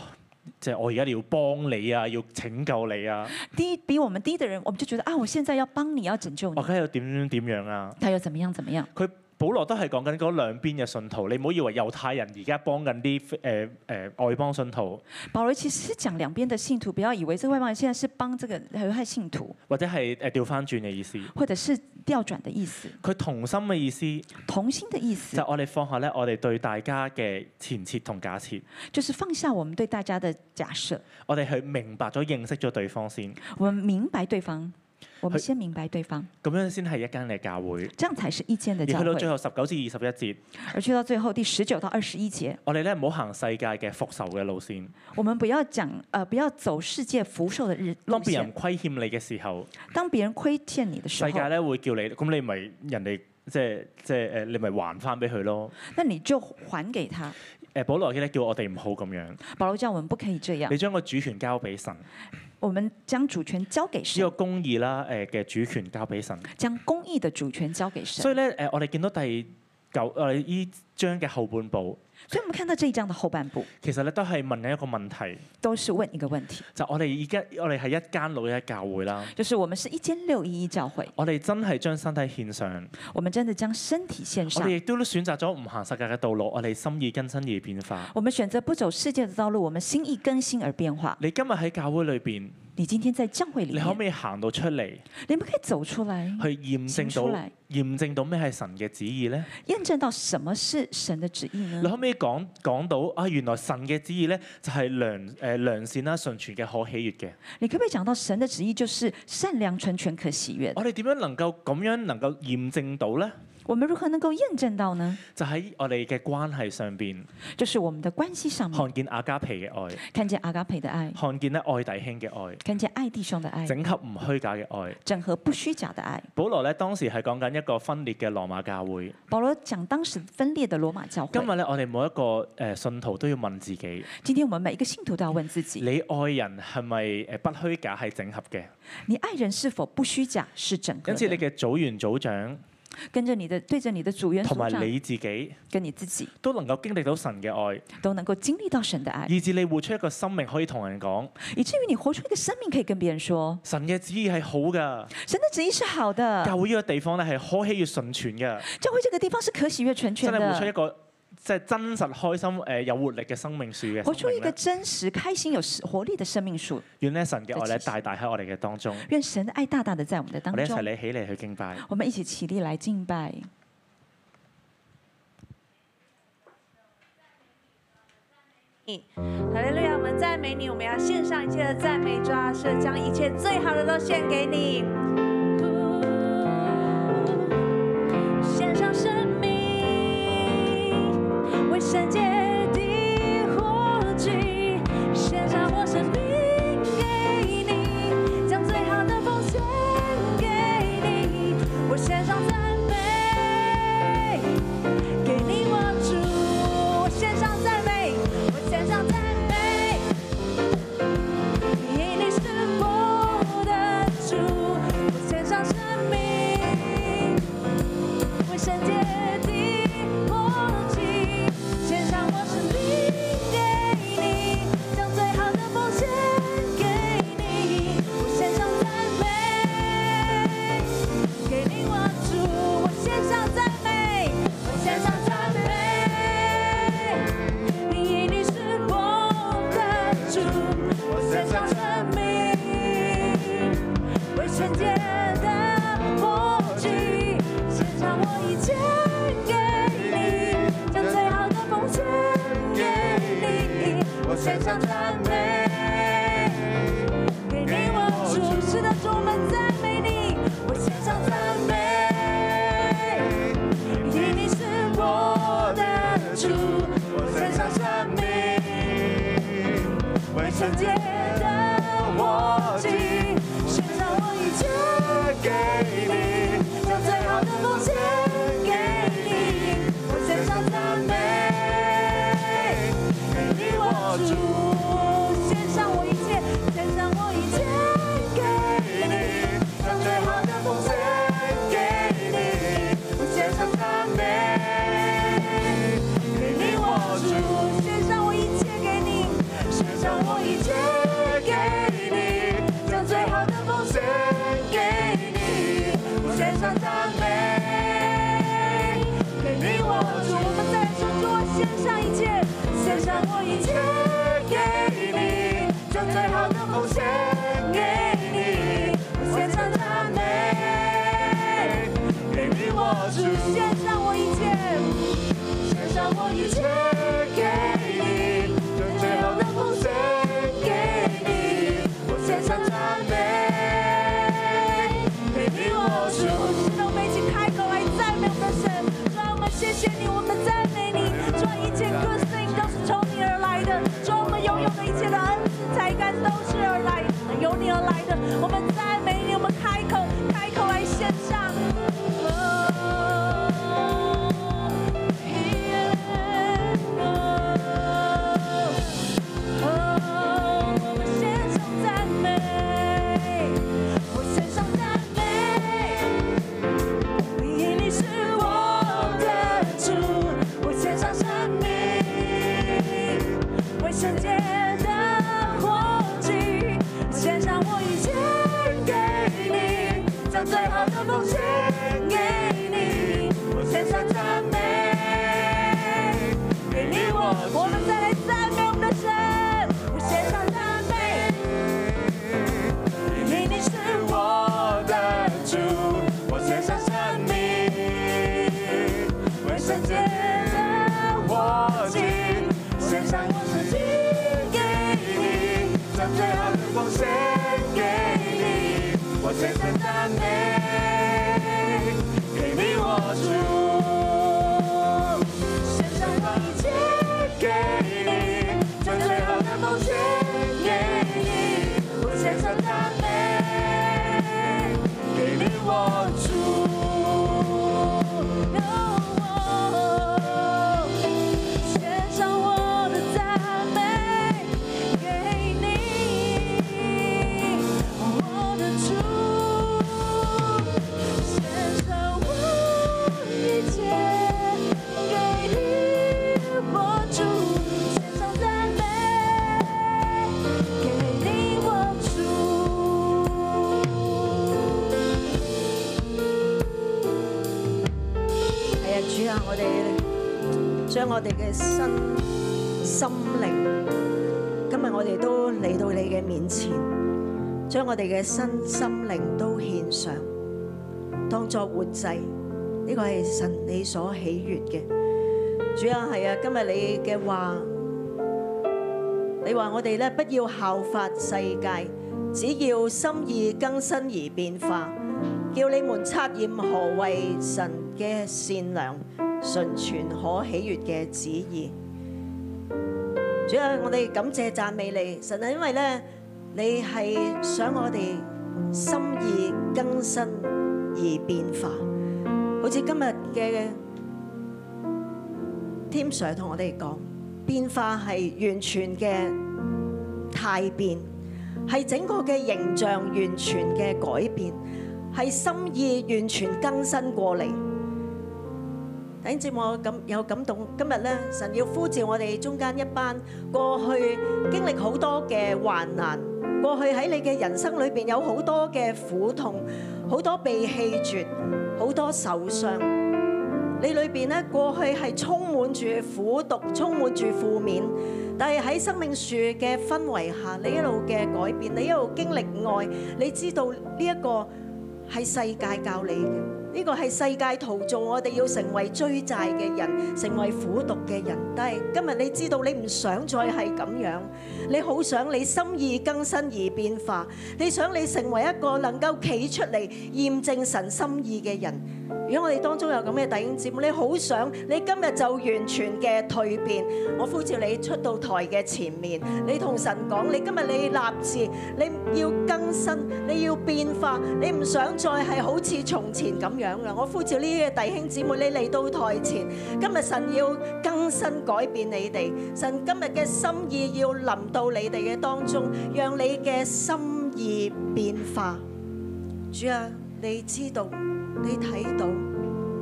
即係我而家要幫你啊，要拯救你啊！低比我們低的人，我們就覺得啊，我現在要幫你，要拯救你。我佢又度點點點樣啊？他又點樣點樣？佢。保羅都係講緊嗰兩邊嘅信徒，你唔好以為猶太人而家幫緊啲誒誒外邦信徒。保羅其實是講兩邊嘅信徒，不要以為這個外邦人現在是幫這個猶太信徒，或者係誒調翻轉嘅意思，或者是調轉嘅意思。佢同心嘅意思，同心嘅意思。就我哋放下咧，我哋對大家嘅前設同假設，就是放下我們對大家嘅假設。我哋去明白咗、認識咗對方先。我們明白對方。我們先明白對方，咁樣先係一間嘅教會，這樣才是一間的教會。而去到最後十九至二十一節，而去到最後第十九到二十一節，我哋咧唔好行世界嘅復仇嘅路線。我們不要講，誒、呃，不要走世界復仇嘅日路線。當別人虧欠你嘅時候，當別人虧欠你嘅時候，世界咧會叫你，咁你咪人哋即係即係誒，你咪還翻俾佢咯？那你就還給他。誒、呃，保羅呢啲叫我哋唔好咁樣。保羅教我們不，教不可以這樣。你將個主權交俾神。我們將主權交給神，呢個公義啦，誒嘅主權交俾神，將公義嘅主權交給神。所以咧，誒，我哋見到第二。九誒依章嘅後半部，所以我們看到這一章的後半部，其實咧都係問緊一個問題，都是問一個問題，問問題就我哋而家我哋係一間六一一教會啦，就是我們是一間六一一教會，我哋真係將身體獻上，我們真的將身體獻上，我哋亦都都選擇咗唔行世界嘅道路，我哋心意更新而變化，我們選擇不走世界嘅道路，我們心意更新而變化，你今日喺教會裏邊。你今天在教會裏，你可唔可以行到出嚟？你唔可以走出嚟？能能出去驗證到驗證到咩係神嘅旨意咧？驗證到什麼是神嘅旨意咧？你可唔可以講講到啊？原來神嘅旨意咧就係良誒、呃、良善啦，純全嘅可喜悅嘅。你可唔可以講到神嘅旨意就是善良、純全、可喜悅？我哋點樣能夠咁樣能夠驗證到咧？我們如何能夠驗證到呢？就喺我哋嘅關係上邊，就是我們的關係上面，看見阿加皮嘅愛，看見阿加皮的愛，看見咧愛弟兄嘅愛，看見愛弟兄的愛，整合唔虛假嘅愛，整合不虛假嘅愛。保羅咧當時係講緊一個分裂嘅羅馬教會。保羅講當時分裂嘅羅馬教會。今日咧我哋每一個誒信徒都要問自己，今天我們每一個信徒都要問自己，你愛人係咪誒不虛假係整合嘅？你愛人是否不虛假是整合嘅？因此你嘅組員組長。跟着你的，對着你的主耶穌同埋你自己，跟你自己都能夠經歷到神嘅愛，都能夠經歷到神嘅愛，以至你活出一個生命可以同人講，以至於你活出一個生命可以跟別人說，人說神嘅旨意係好噶，神嘅旨意是好的，教會呢個地方咧係可喜悅純全嘅，教會這個地方是可喜悅純全，再活出一個。即係真實開心、誒有活力嘅生命樹嘅，活出一個真實、開心、有活力嘅生命樹。願呢神嘅愛咧大大喺我哋嘅當中，願神嘅愛大大的在我們嘅當中。我哋一齊起嚟去敬拜，我們一起起立來敬拜。好、嗯，哈利路亞，我們讚美你，我們要獻上一切嘅讚美抓，抓是將一切最好的都獻給你。聖潔的活祭，獻上我生命給你，將最好的奉獻給你，我最真的美。情我哋嘅身心靈，今日我哋都嚟到你嘅面前，將我哋嘅身心靈都獻上，當作活祭，呢個係神你所喜悅嘅。主，要係啊，今日你嘅話，你話我哋咧，不要效法世界，只要心意更新而變化，叫你們察驗何為神嘅善良。純全可喜悅嘅旨意，主啊，我哋感謝讚美你，神啊，因為咧，你係想我哋心意更新而變化，好似今日嘅 Tim Sir 同我哋講，變化係完全嘅態變，係整個嘅形象完全嘅改變，係心意完全更新過嚟。等住我咁有感動，今日咧神要呼召我哋中間一班過去經歷好多嘅患難，過去喺你嘅人生裏邊有好多嘅苦痛，好多被棄絕，好多受傷。你裏邊咧過去係充滿住苦毒，充滿住負面，但係喺生命樹嘅氛圍下，你一路嘅改變，你一路經歷愛，你知道呢一個係世界教你嘅。呢個係世界陶造我哋要成為追債嘅人，成為苦毒嘅人。但係今日你知道你唔想再係咁樣，你好想你心意更新而變化，你想你成為一個能夠企出嚟驗證神心意嘅人。如果我哋當中有咁嘅弟兄姊妹，你好想你今日就完全嘅蛻變，我呼召你出到台嘅前面，你同神講你今日你立志，你要更新，你要變化，你唔想再係好似從前咁樣。我呼召呢啲弟兄姊妹，你嚟到台前。今日神要更新改變你哋，神今日嘅心意要臨到你哋嘅當中，讓你嘅心意變化。主啊，你知道，你睇到，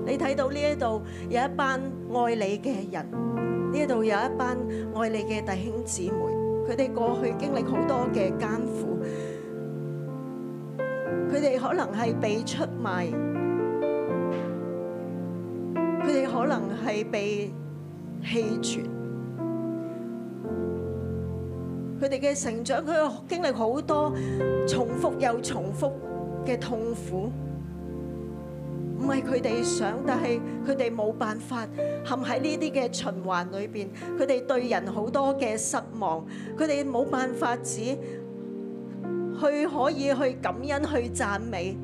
你睇到呢一度有一班愛你嘅人，呢一度有一班愛你嘅弟兄姊妹，佢哋過去經歷好多嘅艱苦，佢哋可能係被出賣。佢哋可能係被棄絕，佢哋嘅成長，佢經歷好多重複又重複嘅痛苦，唔係佢哋想，但係佢哋冇辦法陷喺呢啲嘅循環裏邊。佢哋對人好多嘅失望，佢哋冇辦法只去可以去感恩去讚美。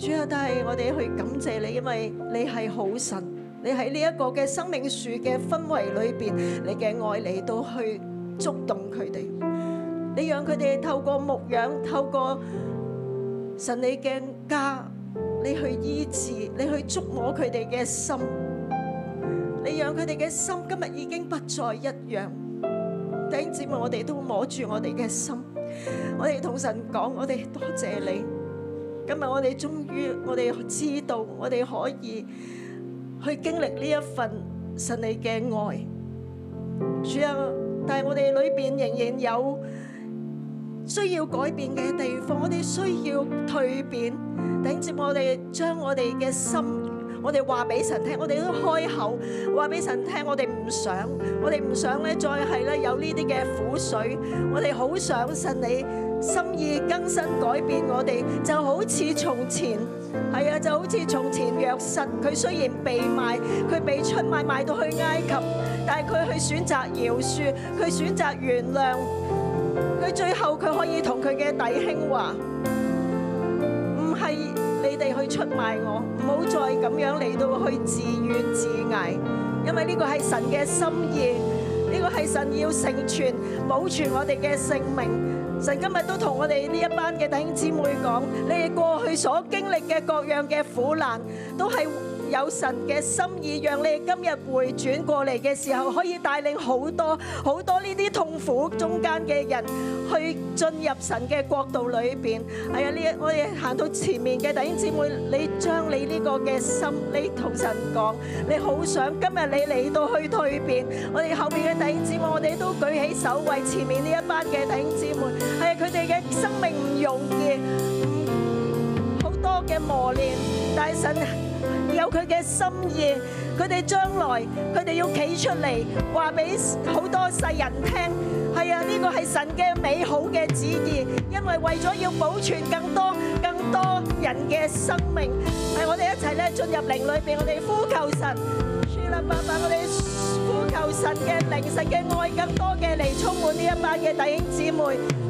主要都係我哋去感謝你，因為你係好神，你喺呢一個嘅生命樹嘅氛圍裏邊，你嘅愛嚟到去觸動佢哋，你讓佢哋透過牧養，透過神你嘅家，你去醫治，你去觸摸佢哋嘅心，你讓佢哋嘅心今日已經不再一樣。弟兄姊妹，我哋都摸住我哋嘅心，我哋同神講，我哋多謝你。今日我哋終於，我哋知道，我哋可以去經歷呢一份神力嘅愛。主啊，但係我哋裏邊仍然有需要改變嘅地方，我哋需要蛻變，頂住我哋將我哋嘅心。我哋話俾神聽，我哋都開口話俾神聽，我哋唔想，我哋唔想咧再係咧有呢啲嘅苦水。我哋好想信，你心意更新改變我哋，就好似從前，係啊，就好似從前約瑟，佢雖然被賣，佢被出賣賣到去埃及，但係佢去選擇饒恕，佢選擇原諒，佢最後佢可以同佢嘅弟兄話。你去出賣我，唔好再咁樣嚟到去自怨自艾，因為呢個係神嘅心意，呢個係神要成全保存我哋嘅性命。神今日都同我哋呢一班嘅弟兄姊妹講，你哋過去所經歷嘅各樣嘅苦難，都係有神嘅心意，讓你哋今日回轉過嚟嘅時候，可以帶領好多好多呢啲痛苦中間嘅人，去進入神嘅國度裏邊。係啊，呢我哋行到前面嘅弟兄姊妹，你將你呢個嘅心，你同神講，你好想今日你嚟到去蛻變。我哋後面嘅弟兄姊妹，我哋都舉起手，為前面呢一班嘅弟兄姊妹。係佢哋嘅生命唔容易，好多嘅磨練，但係神有佢嘅心意，佢哋將來佢哋要企出嚟話俾好多世人聽，係啊呢個係神嘅美好嘅旨意，因為為咗要保存更多更多人嘅生命，係我哋一齊咧進入靈裏邊，我哋呼求神，主啊爸爸，我哋呼求神嘅靈，神嘅愛，更多嘅嚟充滿呢一班嘅弟兄姊妹。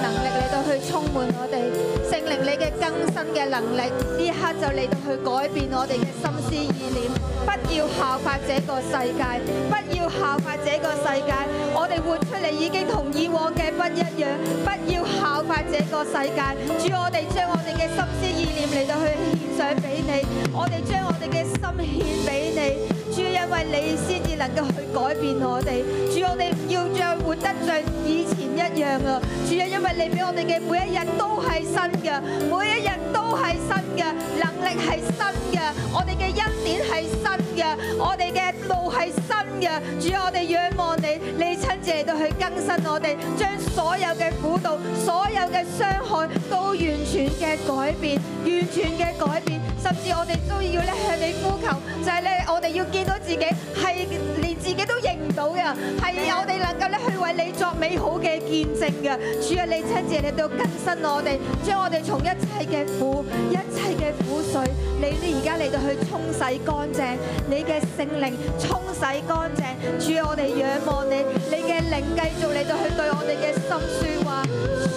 能力嚟到去充滿我哋聖靈，你嘅更新嘅能力，呢刻就嚟到去改變我哋嘅心思意念。不要效法這個世界，不要效法這個世界。我哋活出嚟已經同以往嘅不一樣，不要效法這個世界。主，我哋將我哋嘅心思意念嚟到去獻上俾你。我哋將我哋嘅心獻俾你，主，因為你先至能夠去改變我哋。主，我哋唔要再活得像以前一樣啊！主，因因為你俾我哋嘅每一日都係新嘅，每一日都係新嘅，能力係新嘅，我哋嘅恩典係新嘅，我哋嘅路係新嘅。主，我哋仰望你，你親自嚟到去更新我哋，將所有嘅苦痛、所有嘅傷害都完全嘅改變，完全嘅改變。甚至我哋都要咧向你呼求，就係、是、咧我哋要見到自己係連自己都認唔到嘅，係我哋能夠咧去為你作美好嘅見證嘅。主啊，你親自嚟到更新我哋，將我哋從一切嘅苦、一切嘅苦水，你呢而家嚟到去沖洗乾淨，你嘅聖靈沖洗乾淨。主啊，我哋仰望你，你嘅靈繼續嚟到去對我哋嘅心說話。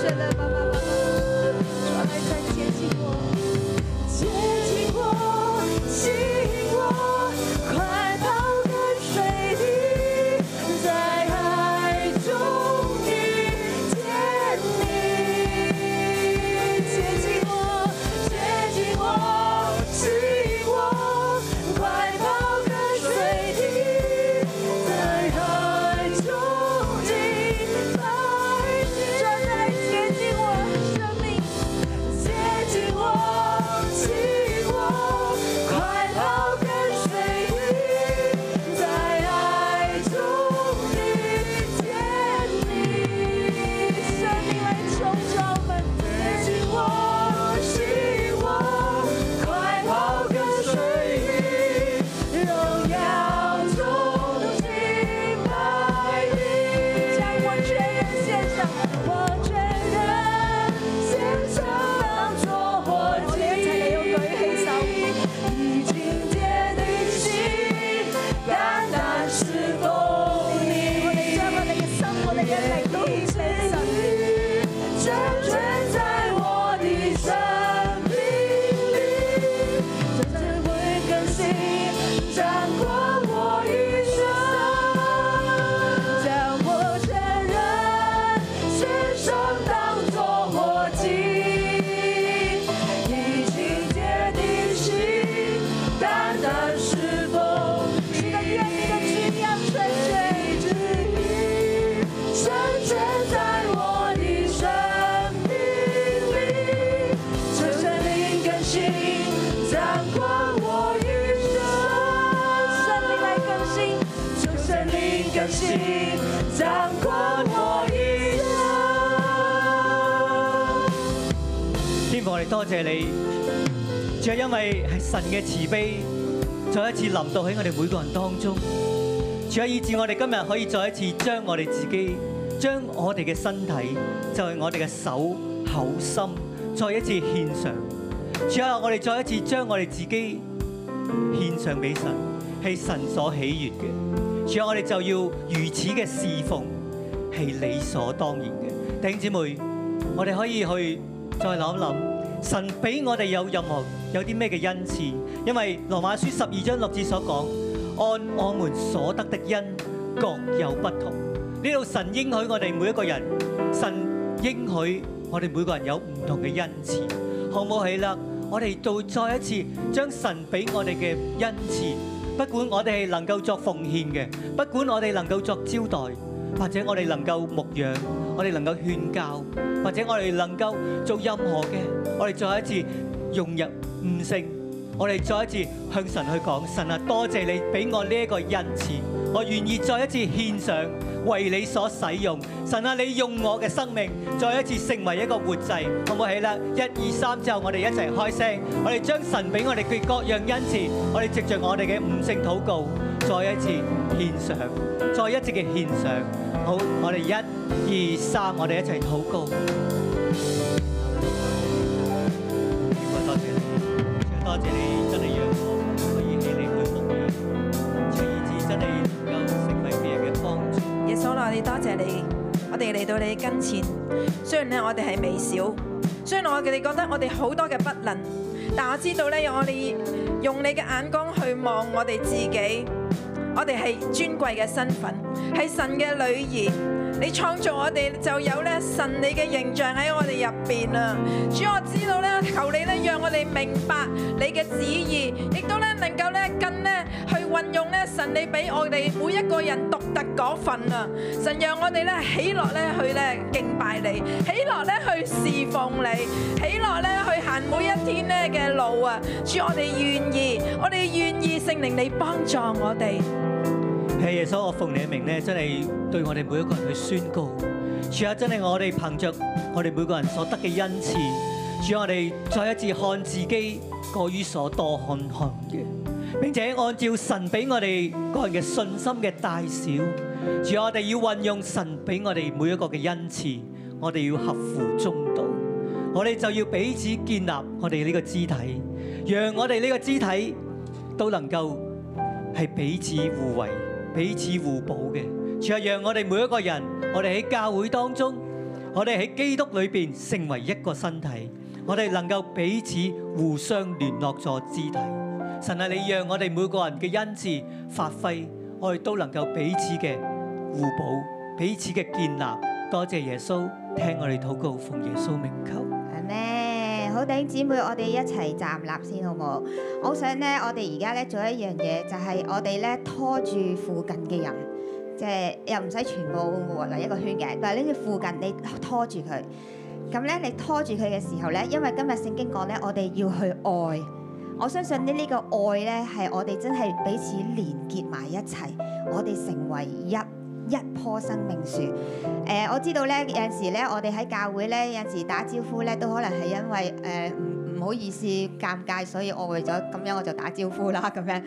說多謝你，仲係因為係神嘅慈悲，再一次臨到喺我哋每個人當中。除咗以至我哋今日可以再一次將我哋自己，將我哋嘅身體，就係我哋嘅手、口、心，再一次獻上。仲有我哋再一次將我哋自己獻上俾神，係神所喜悅嘅。仲有我哋就要如此嘅侍奉，係理所當然嘅。弟兄姊妹，我哋可以去再諗一諗。神俾我哋有任何有啲咩嘅恩賜，因為羅馬書十二章六節所講，按我們所得的恩各有不同。呢度神應許我哋每一個人，神應許我哋每個人有唔同嘅恩賜，好冇？起啦！我哋做再一次將神俾我哋嘅恩賜，不管我哋係能夠作奉獻嘅，不管我哋能夠作招待。或者我哋能夠牧養，我哋能夠勸教，或者我哋能夠做任何嘅，我哋再一次融入悟性，我哋再一次向神去講：神啊，多謝你俾我呢一個恩賜，我願意再一次獻上為你所使用。神啊，你用我嘅生命再一次成為一個活祭，好唔好？起啦！一、二、三之後，我哋一齊開聲，我哋將神俾我哋嘅各樣恩賜，我哋藉著我哋嘅悟性禱告。再一次獻上，再一次嘅獻上，好，我哋一、二、三，我哋一齊禱告。主啊，多謝你，多謝你真，真係讓我可以起嚟去服侍。以至真係能夠成為別人嘅幫助。耶穌啊，我哋多謝，謝你，我哋嚟到你嘅跟前，雖然咧我哋係微小，雖然我哋覺得我哋好多嘅不能，但我知道咧，我哋用你嘅眼光。去望我哋自己，我哋係尊貴嘅身份，係神嘅女兒。你創造我哋就有咧神你嘅形象喺我哋入便啊！主，我知道咧，求你咧讓我哋明白你嘅旨意，亦都咧能夠咧更咧去運用咧神你俾我哋每一個人獨特嗰份啊！神讓我哋咧喜樂咧去咧敬拜你，喜樂咧去侍奉你，喜樂咧去行每一天咧嘅路啊！主我哋願意，我哋願意聖靈你幫助我哋。係耶穌，我奉你嘅名咧，真係對我哋每一個人去宣告。主啊，真係我哋憑着我哋每一個人所得嘅恩賜，主啊，我哋再一次看自己過於所當看嘅，並且按照神俾我哋個人嘅信心嘅大小，主啊，我哋要運用神俾我哋每一個嘅恩賜，我哋要合乎中道，我哋就要彼此建立我哋呢個肢體，讓我哋呢個肢體都能夠係彼此互為。彼此互補嘅，就係讓我哋每一個人，我哋喺教會當中，我哋喺基督裏邊成為一個身體，我哋能夠彼此互相聯絡作肢體。神係，你讓我哋每個人嘅恩賜發揮，我哋都能夠彼此嘅互補，彼此嘅建立。多謝耶穌聽我哋禱告，奉耶穌名求。阿們。好頂，姊妹，我哋一齊站立先好冇？我想咧，我哋而家咧做一樣嘢，就係、是、我哋咧拖住附近嘅人，即、就、係、是、又唔使全部圍一個圈嘅，但係呢住附近你拖住佢，咁咧你拖住佢嘅時候咧，因為今日聖經講咧，我哋要去愛，我相信呢呢個愛咧係我哋真係彼此連結埋一齊，我哋成為一，一棵生命樹，誒、呃、我知道咧有陣時咧，我哋喺教會咧有陣時打招呼咧，都可能係因為誒唔唔好意思尷尬，所以我為咗咁樣我就打招呼啦咁樣。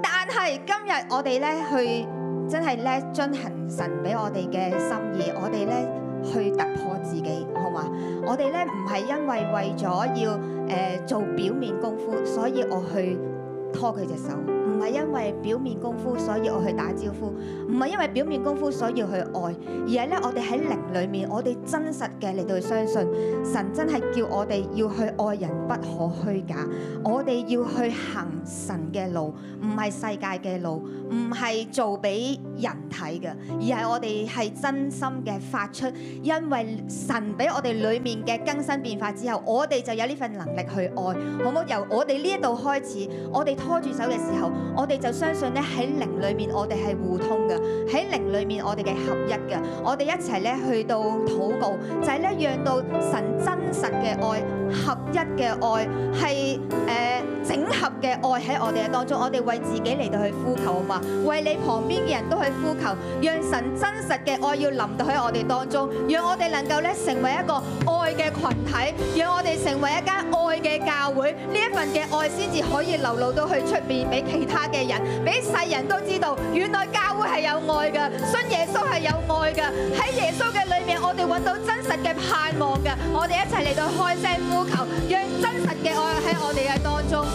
但係今日我哋咧去真係咧遵行神俾我哋嘅心意，我哋咧去突破自己，好嘛？我哋咧唔係因為為咗要誒、呃、做表面功夫，所以我去拖佢隻手。唔係因為表面功夫，所以我去打招呼；唔係因為表面功夫，所以我去愛，而係咧，我哋喺靈裏面，我哋真實嘅嚟到相信，神真係叫我哋要去愛人不可虛假，我哋要去行神嘅路，唔係世界嘅路，唔係做俾。人體嘅，而係我哋係真心嘅發出，因為神俾我哋裏面嘅更新變化之後，我哋就有呢份能力去愛，好唔好？由我哋呢一度開始，我哋拖住手嘅時候，我哋就相信咧喺靈裏面，我哋係互通嘅；喺靈裏面我，我哋嘅合一嘅，我哋一齊咧去到禱告，就係、是、咧讓到神真實嘅愛、合一嘅愛、係誒、呃、整合嘅愛喺我哋嘅當中，我哋為自己嚟到去呼求啊嘛，為你旁邊嘅人都去。呼求，讓神真實嘅愛要臨到喺我哋當中，讓我哋能夠咧成為一個愛嘅群體，讓我哋成為一間愛嘅教會，呢一份嘅愛先至可以流露到去出邊俾其他嘅人，俾世人都知道原來教會係有愛嘅，信耶穌係有愛嘅，喺耶穌嘅裏面我哋揾到真實嘅盼望嘅，我哋一齊嚟到開聲呼求，讓真實嘅愛喺我哋嘅當中。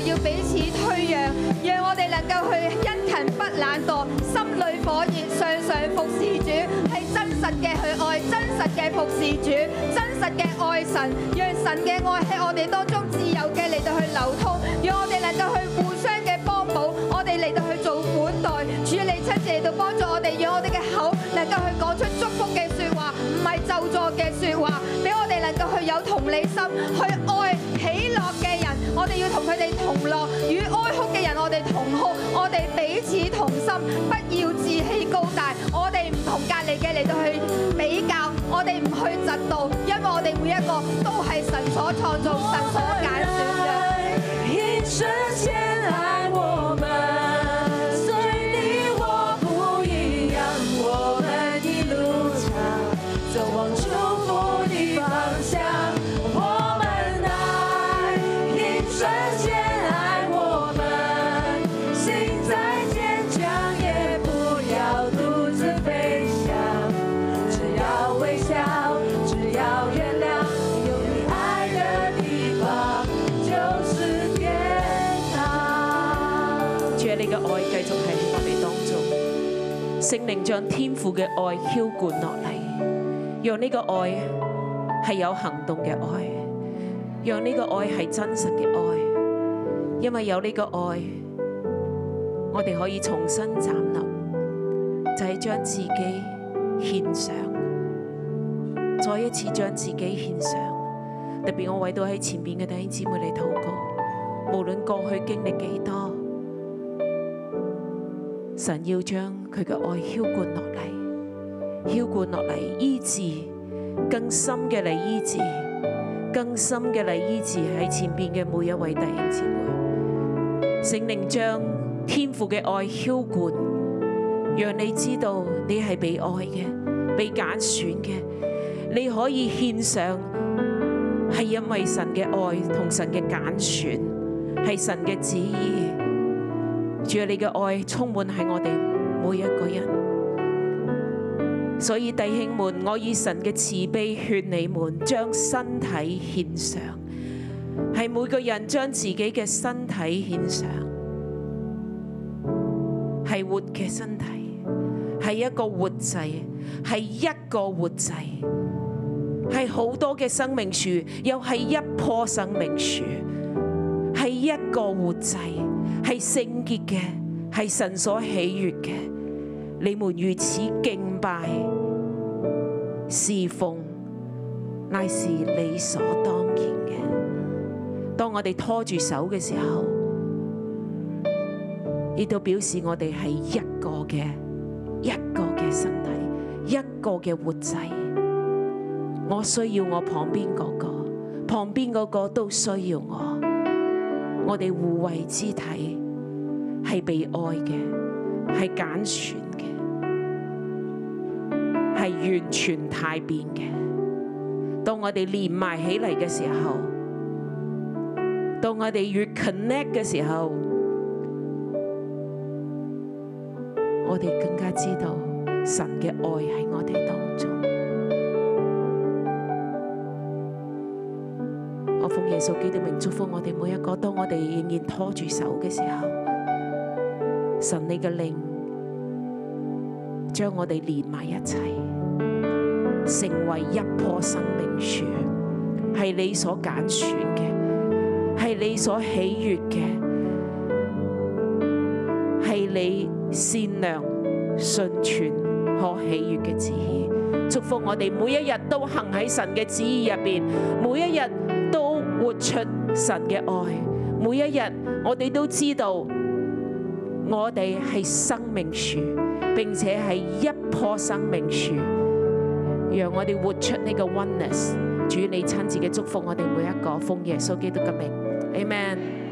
就要彼此退讓，讓我哋能夠去殷勤不懶惰，心裏火熱，常常服事主，係真實嘅去愛，真實嘅服事主，真實嘅愛神，讓神嘅愛喺我哋當中自由嘅嚟到去流通，讓我哋能夠去互相嘅幫補，我哋嚟到去做。謝到幫助我哋，讓我哋嘅口能夠去講出祝福嘅説話，唔係咒詛嘅説話，俾我哋能夠去有同理心，去愛喜樂嘅人，我哋要同佢哋同樂；與哀哭嘅人，我哋同哭，我哋彼此同心，不要志氣高大。我哋唔同隔離嘅嚟到去比較，我哋唔去窒到，因為我哋每一個都係神所創造，神所揀選。一瞬間愛我們。聖靈將天父嘅愛澆灌落嚟，讓呢個愛係有行動嘅愛，讓呢個愛係真實嘅愛，因為有呢個愛，我哋可以重新站立，就係、是、將自己獻上，再一次將自己獻上。特別我為到喺前面嘅弟兄姊妹嚟禱告，無論過去經歷幾多。神要將佢嘅愛澆灌落嚟，澆灌落嚟醫治，更深嘅嚟醫治，更深嘅嚟醫治喺前面嘅每一位弟兄姊妹。聖靈將天父嘅愛澆灌，讓你知道你係被愛嘅，被揀選嘅。你可以獻上，係因為神嘅愛同神嘅揀選，係神嘅旨意。住你嘅愛充滿喺我哋每一個人，所以弟兄們，我以神嘅慈悲勸你們將身體獻上，係每個人將自己嘅身體獻上，係活嘅身體，係一個活祭，係一個活祭，係好多嘅生命樹，又係一棵生命樹。一個活祭係聖潔嘅，係神所喜悅嘅。你們如此敬拜、侍奉，乃是理所當然嘅。當我哋拖住手嘅時候，亦都表示我哋係一個嘅、一個嘅身體、一個嘅活祭。我需要我旁邊嗰個，旁邊嗰個都需要我。我哋互為肢體係被愛嘅，係揀選嘅，係完全太變嘅。當我哋連埋起嚟嘅時候，當我哋越 connect 嘅時候，我哋更加知道神嘅愛喺我哋當中。耶穌基督名祝福我哋每一個，當我哋仍然拖住手嘅時候，神你嘅靈將我哋連埋一齊，成為一棵生命樹，係你所揀選嘅，係你所喜悦嘅，係你善良、純全、可喜悦嘅旨意。祝福我哋每一日都行喺神嘅旨意入邊，每一日。活出神嘅愛，每一日我哋都知道，我哋係生命樹，並且係一棵生命樹。讓我哋活出呢個 witness，主你親自嘅祝福我哋每一個，奉耶穌基督嘅名，Amen。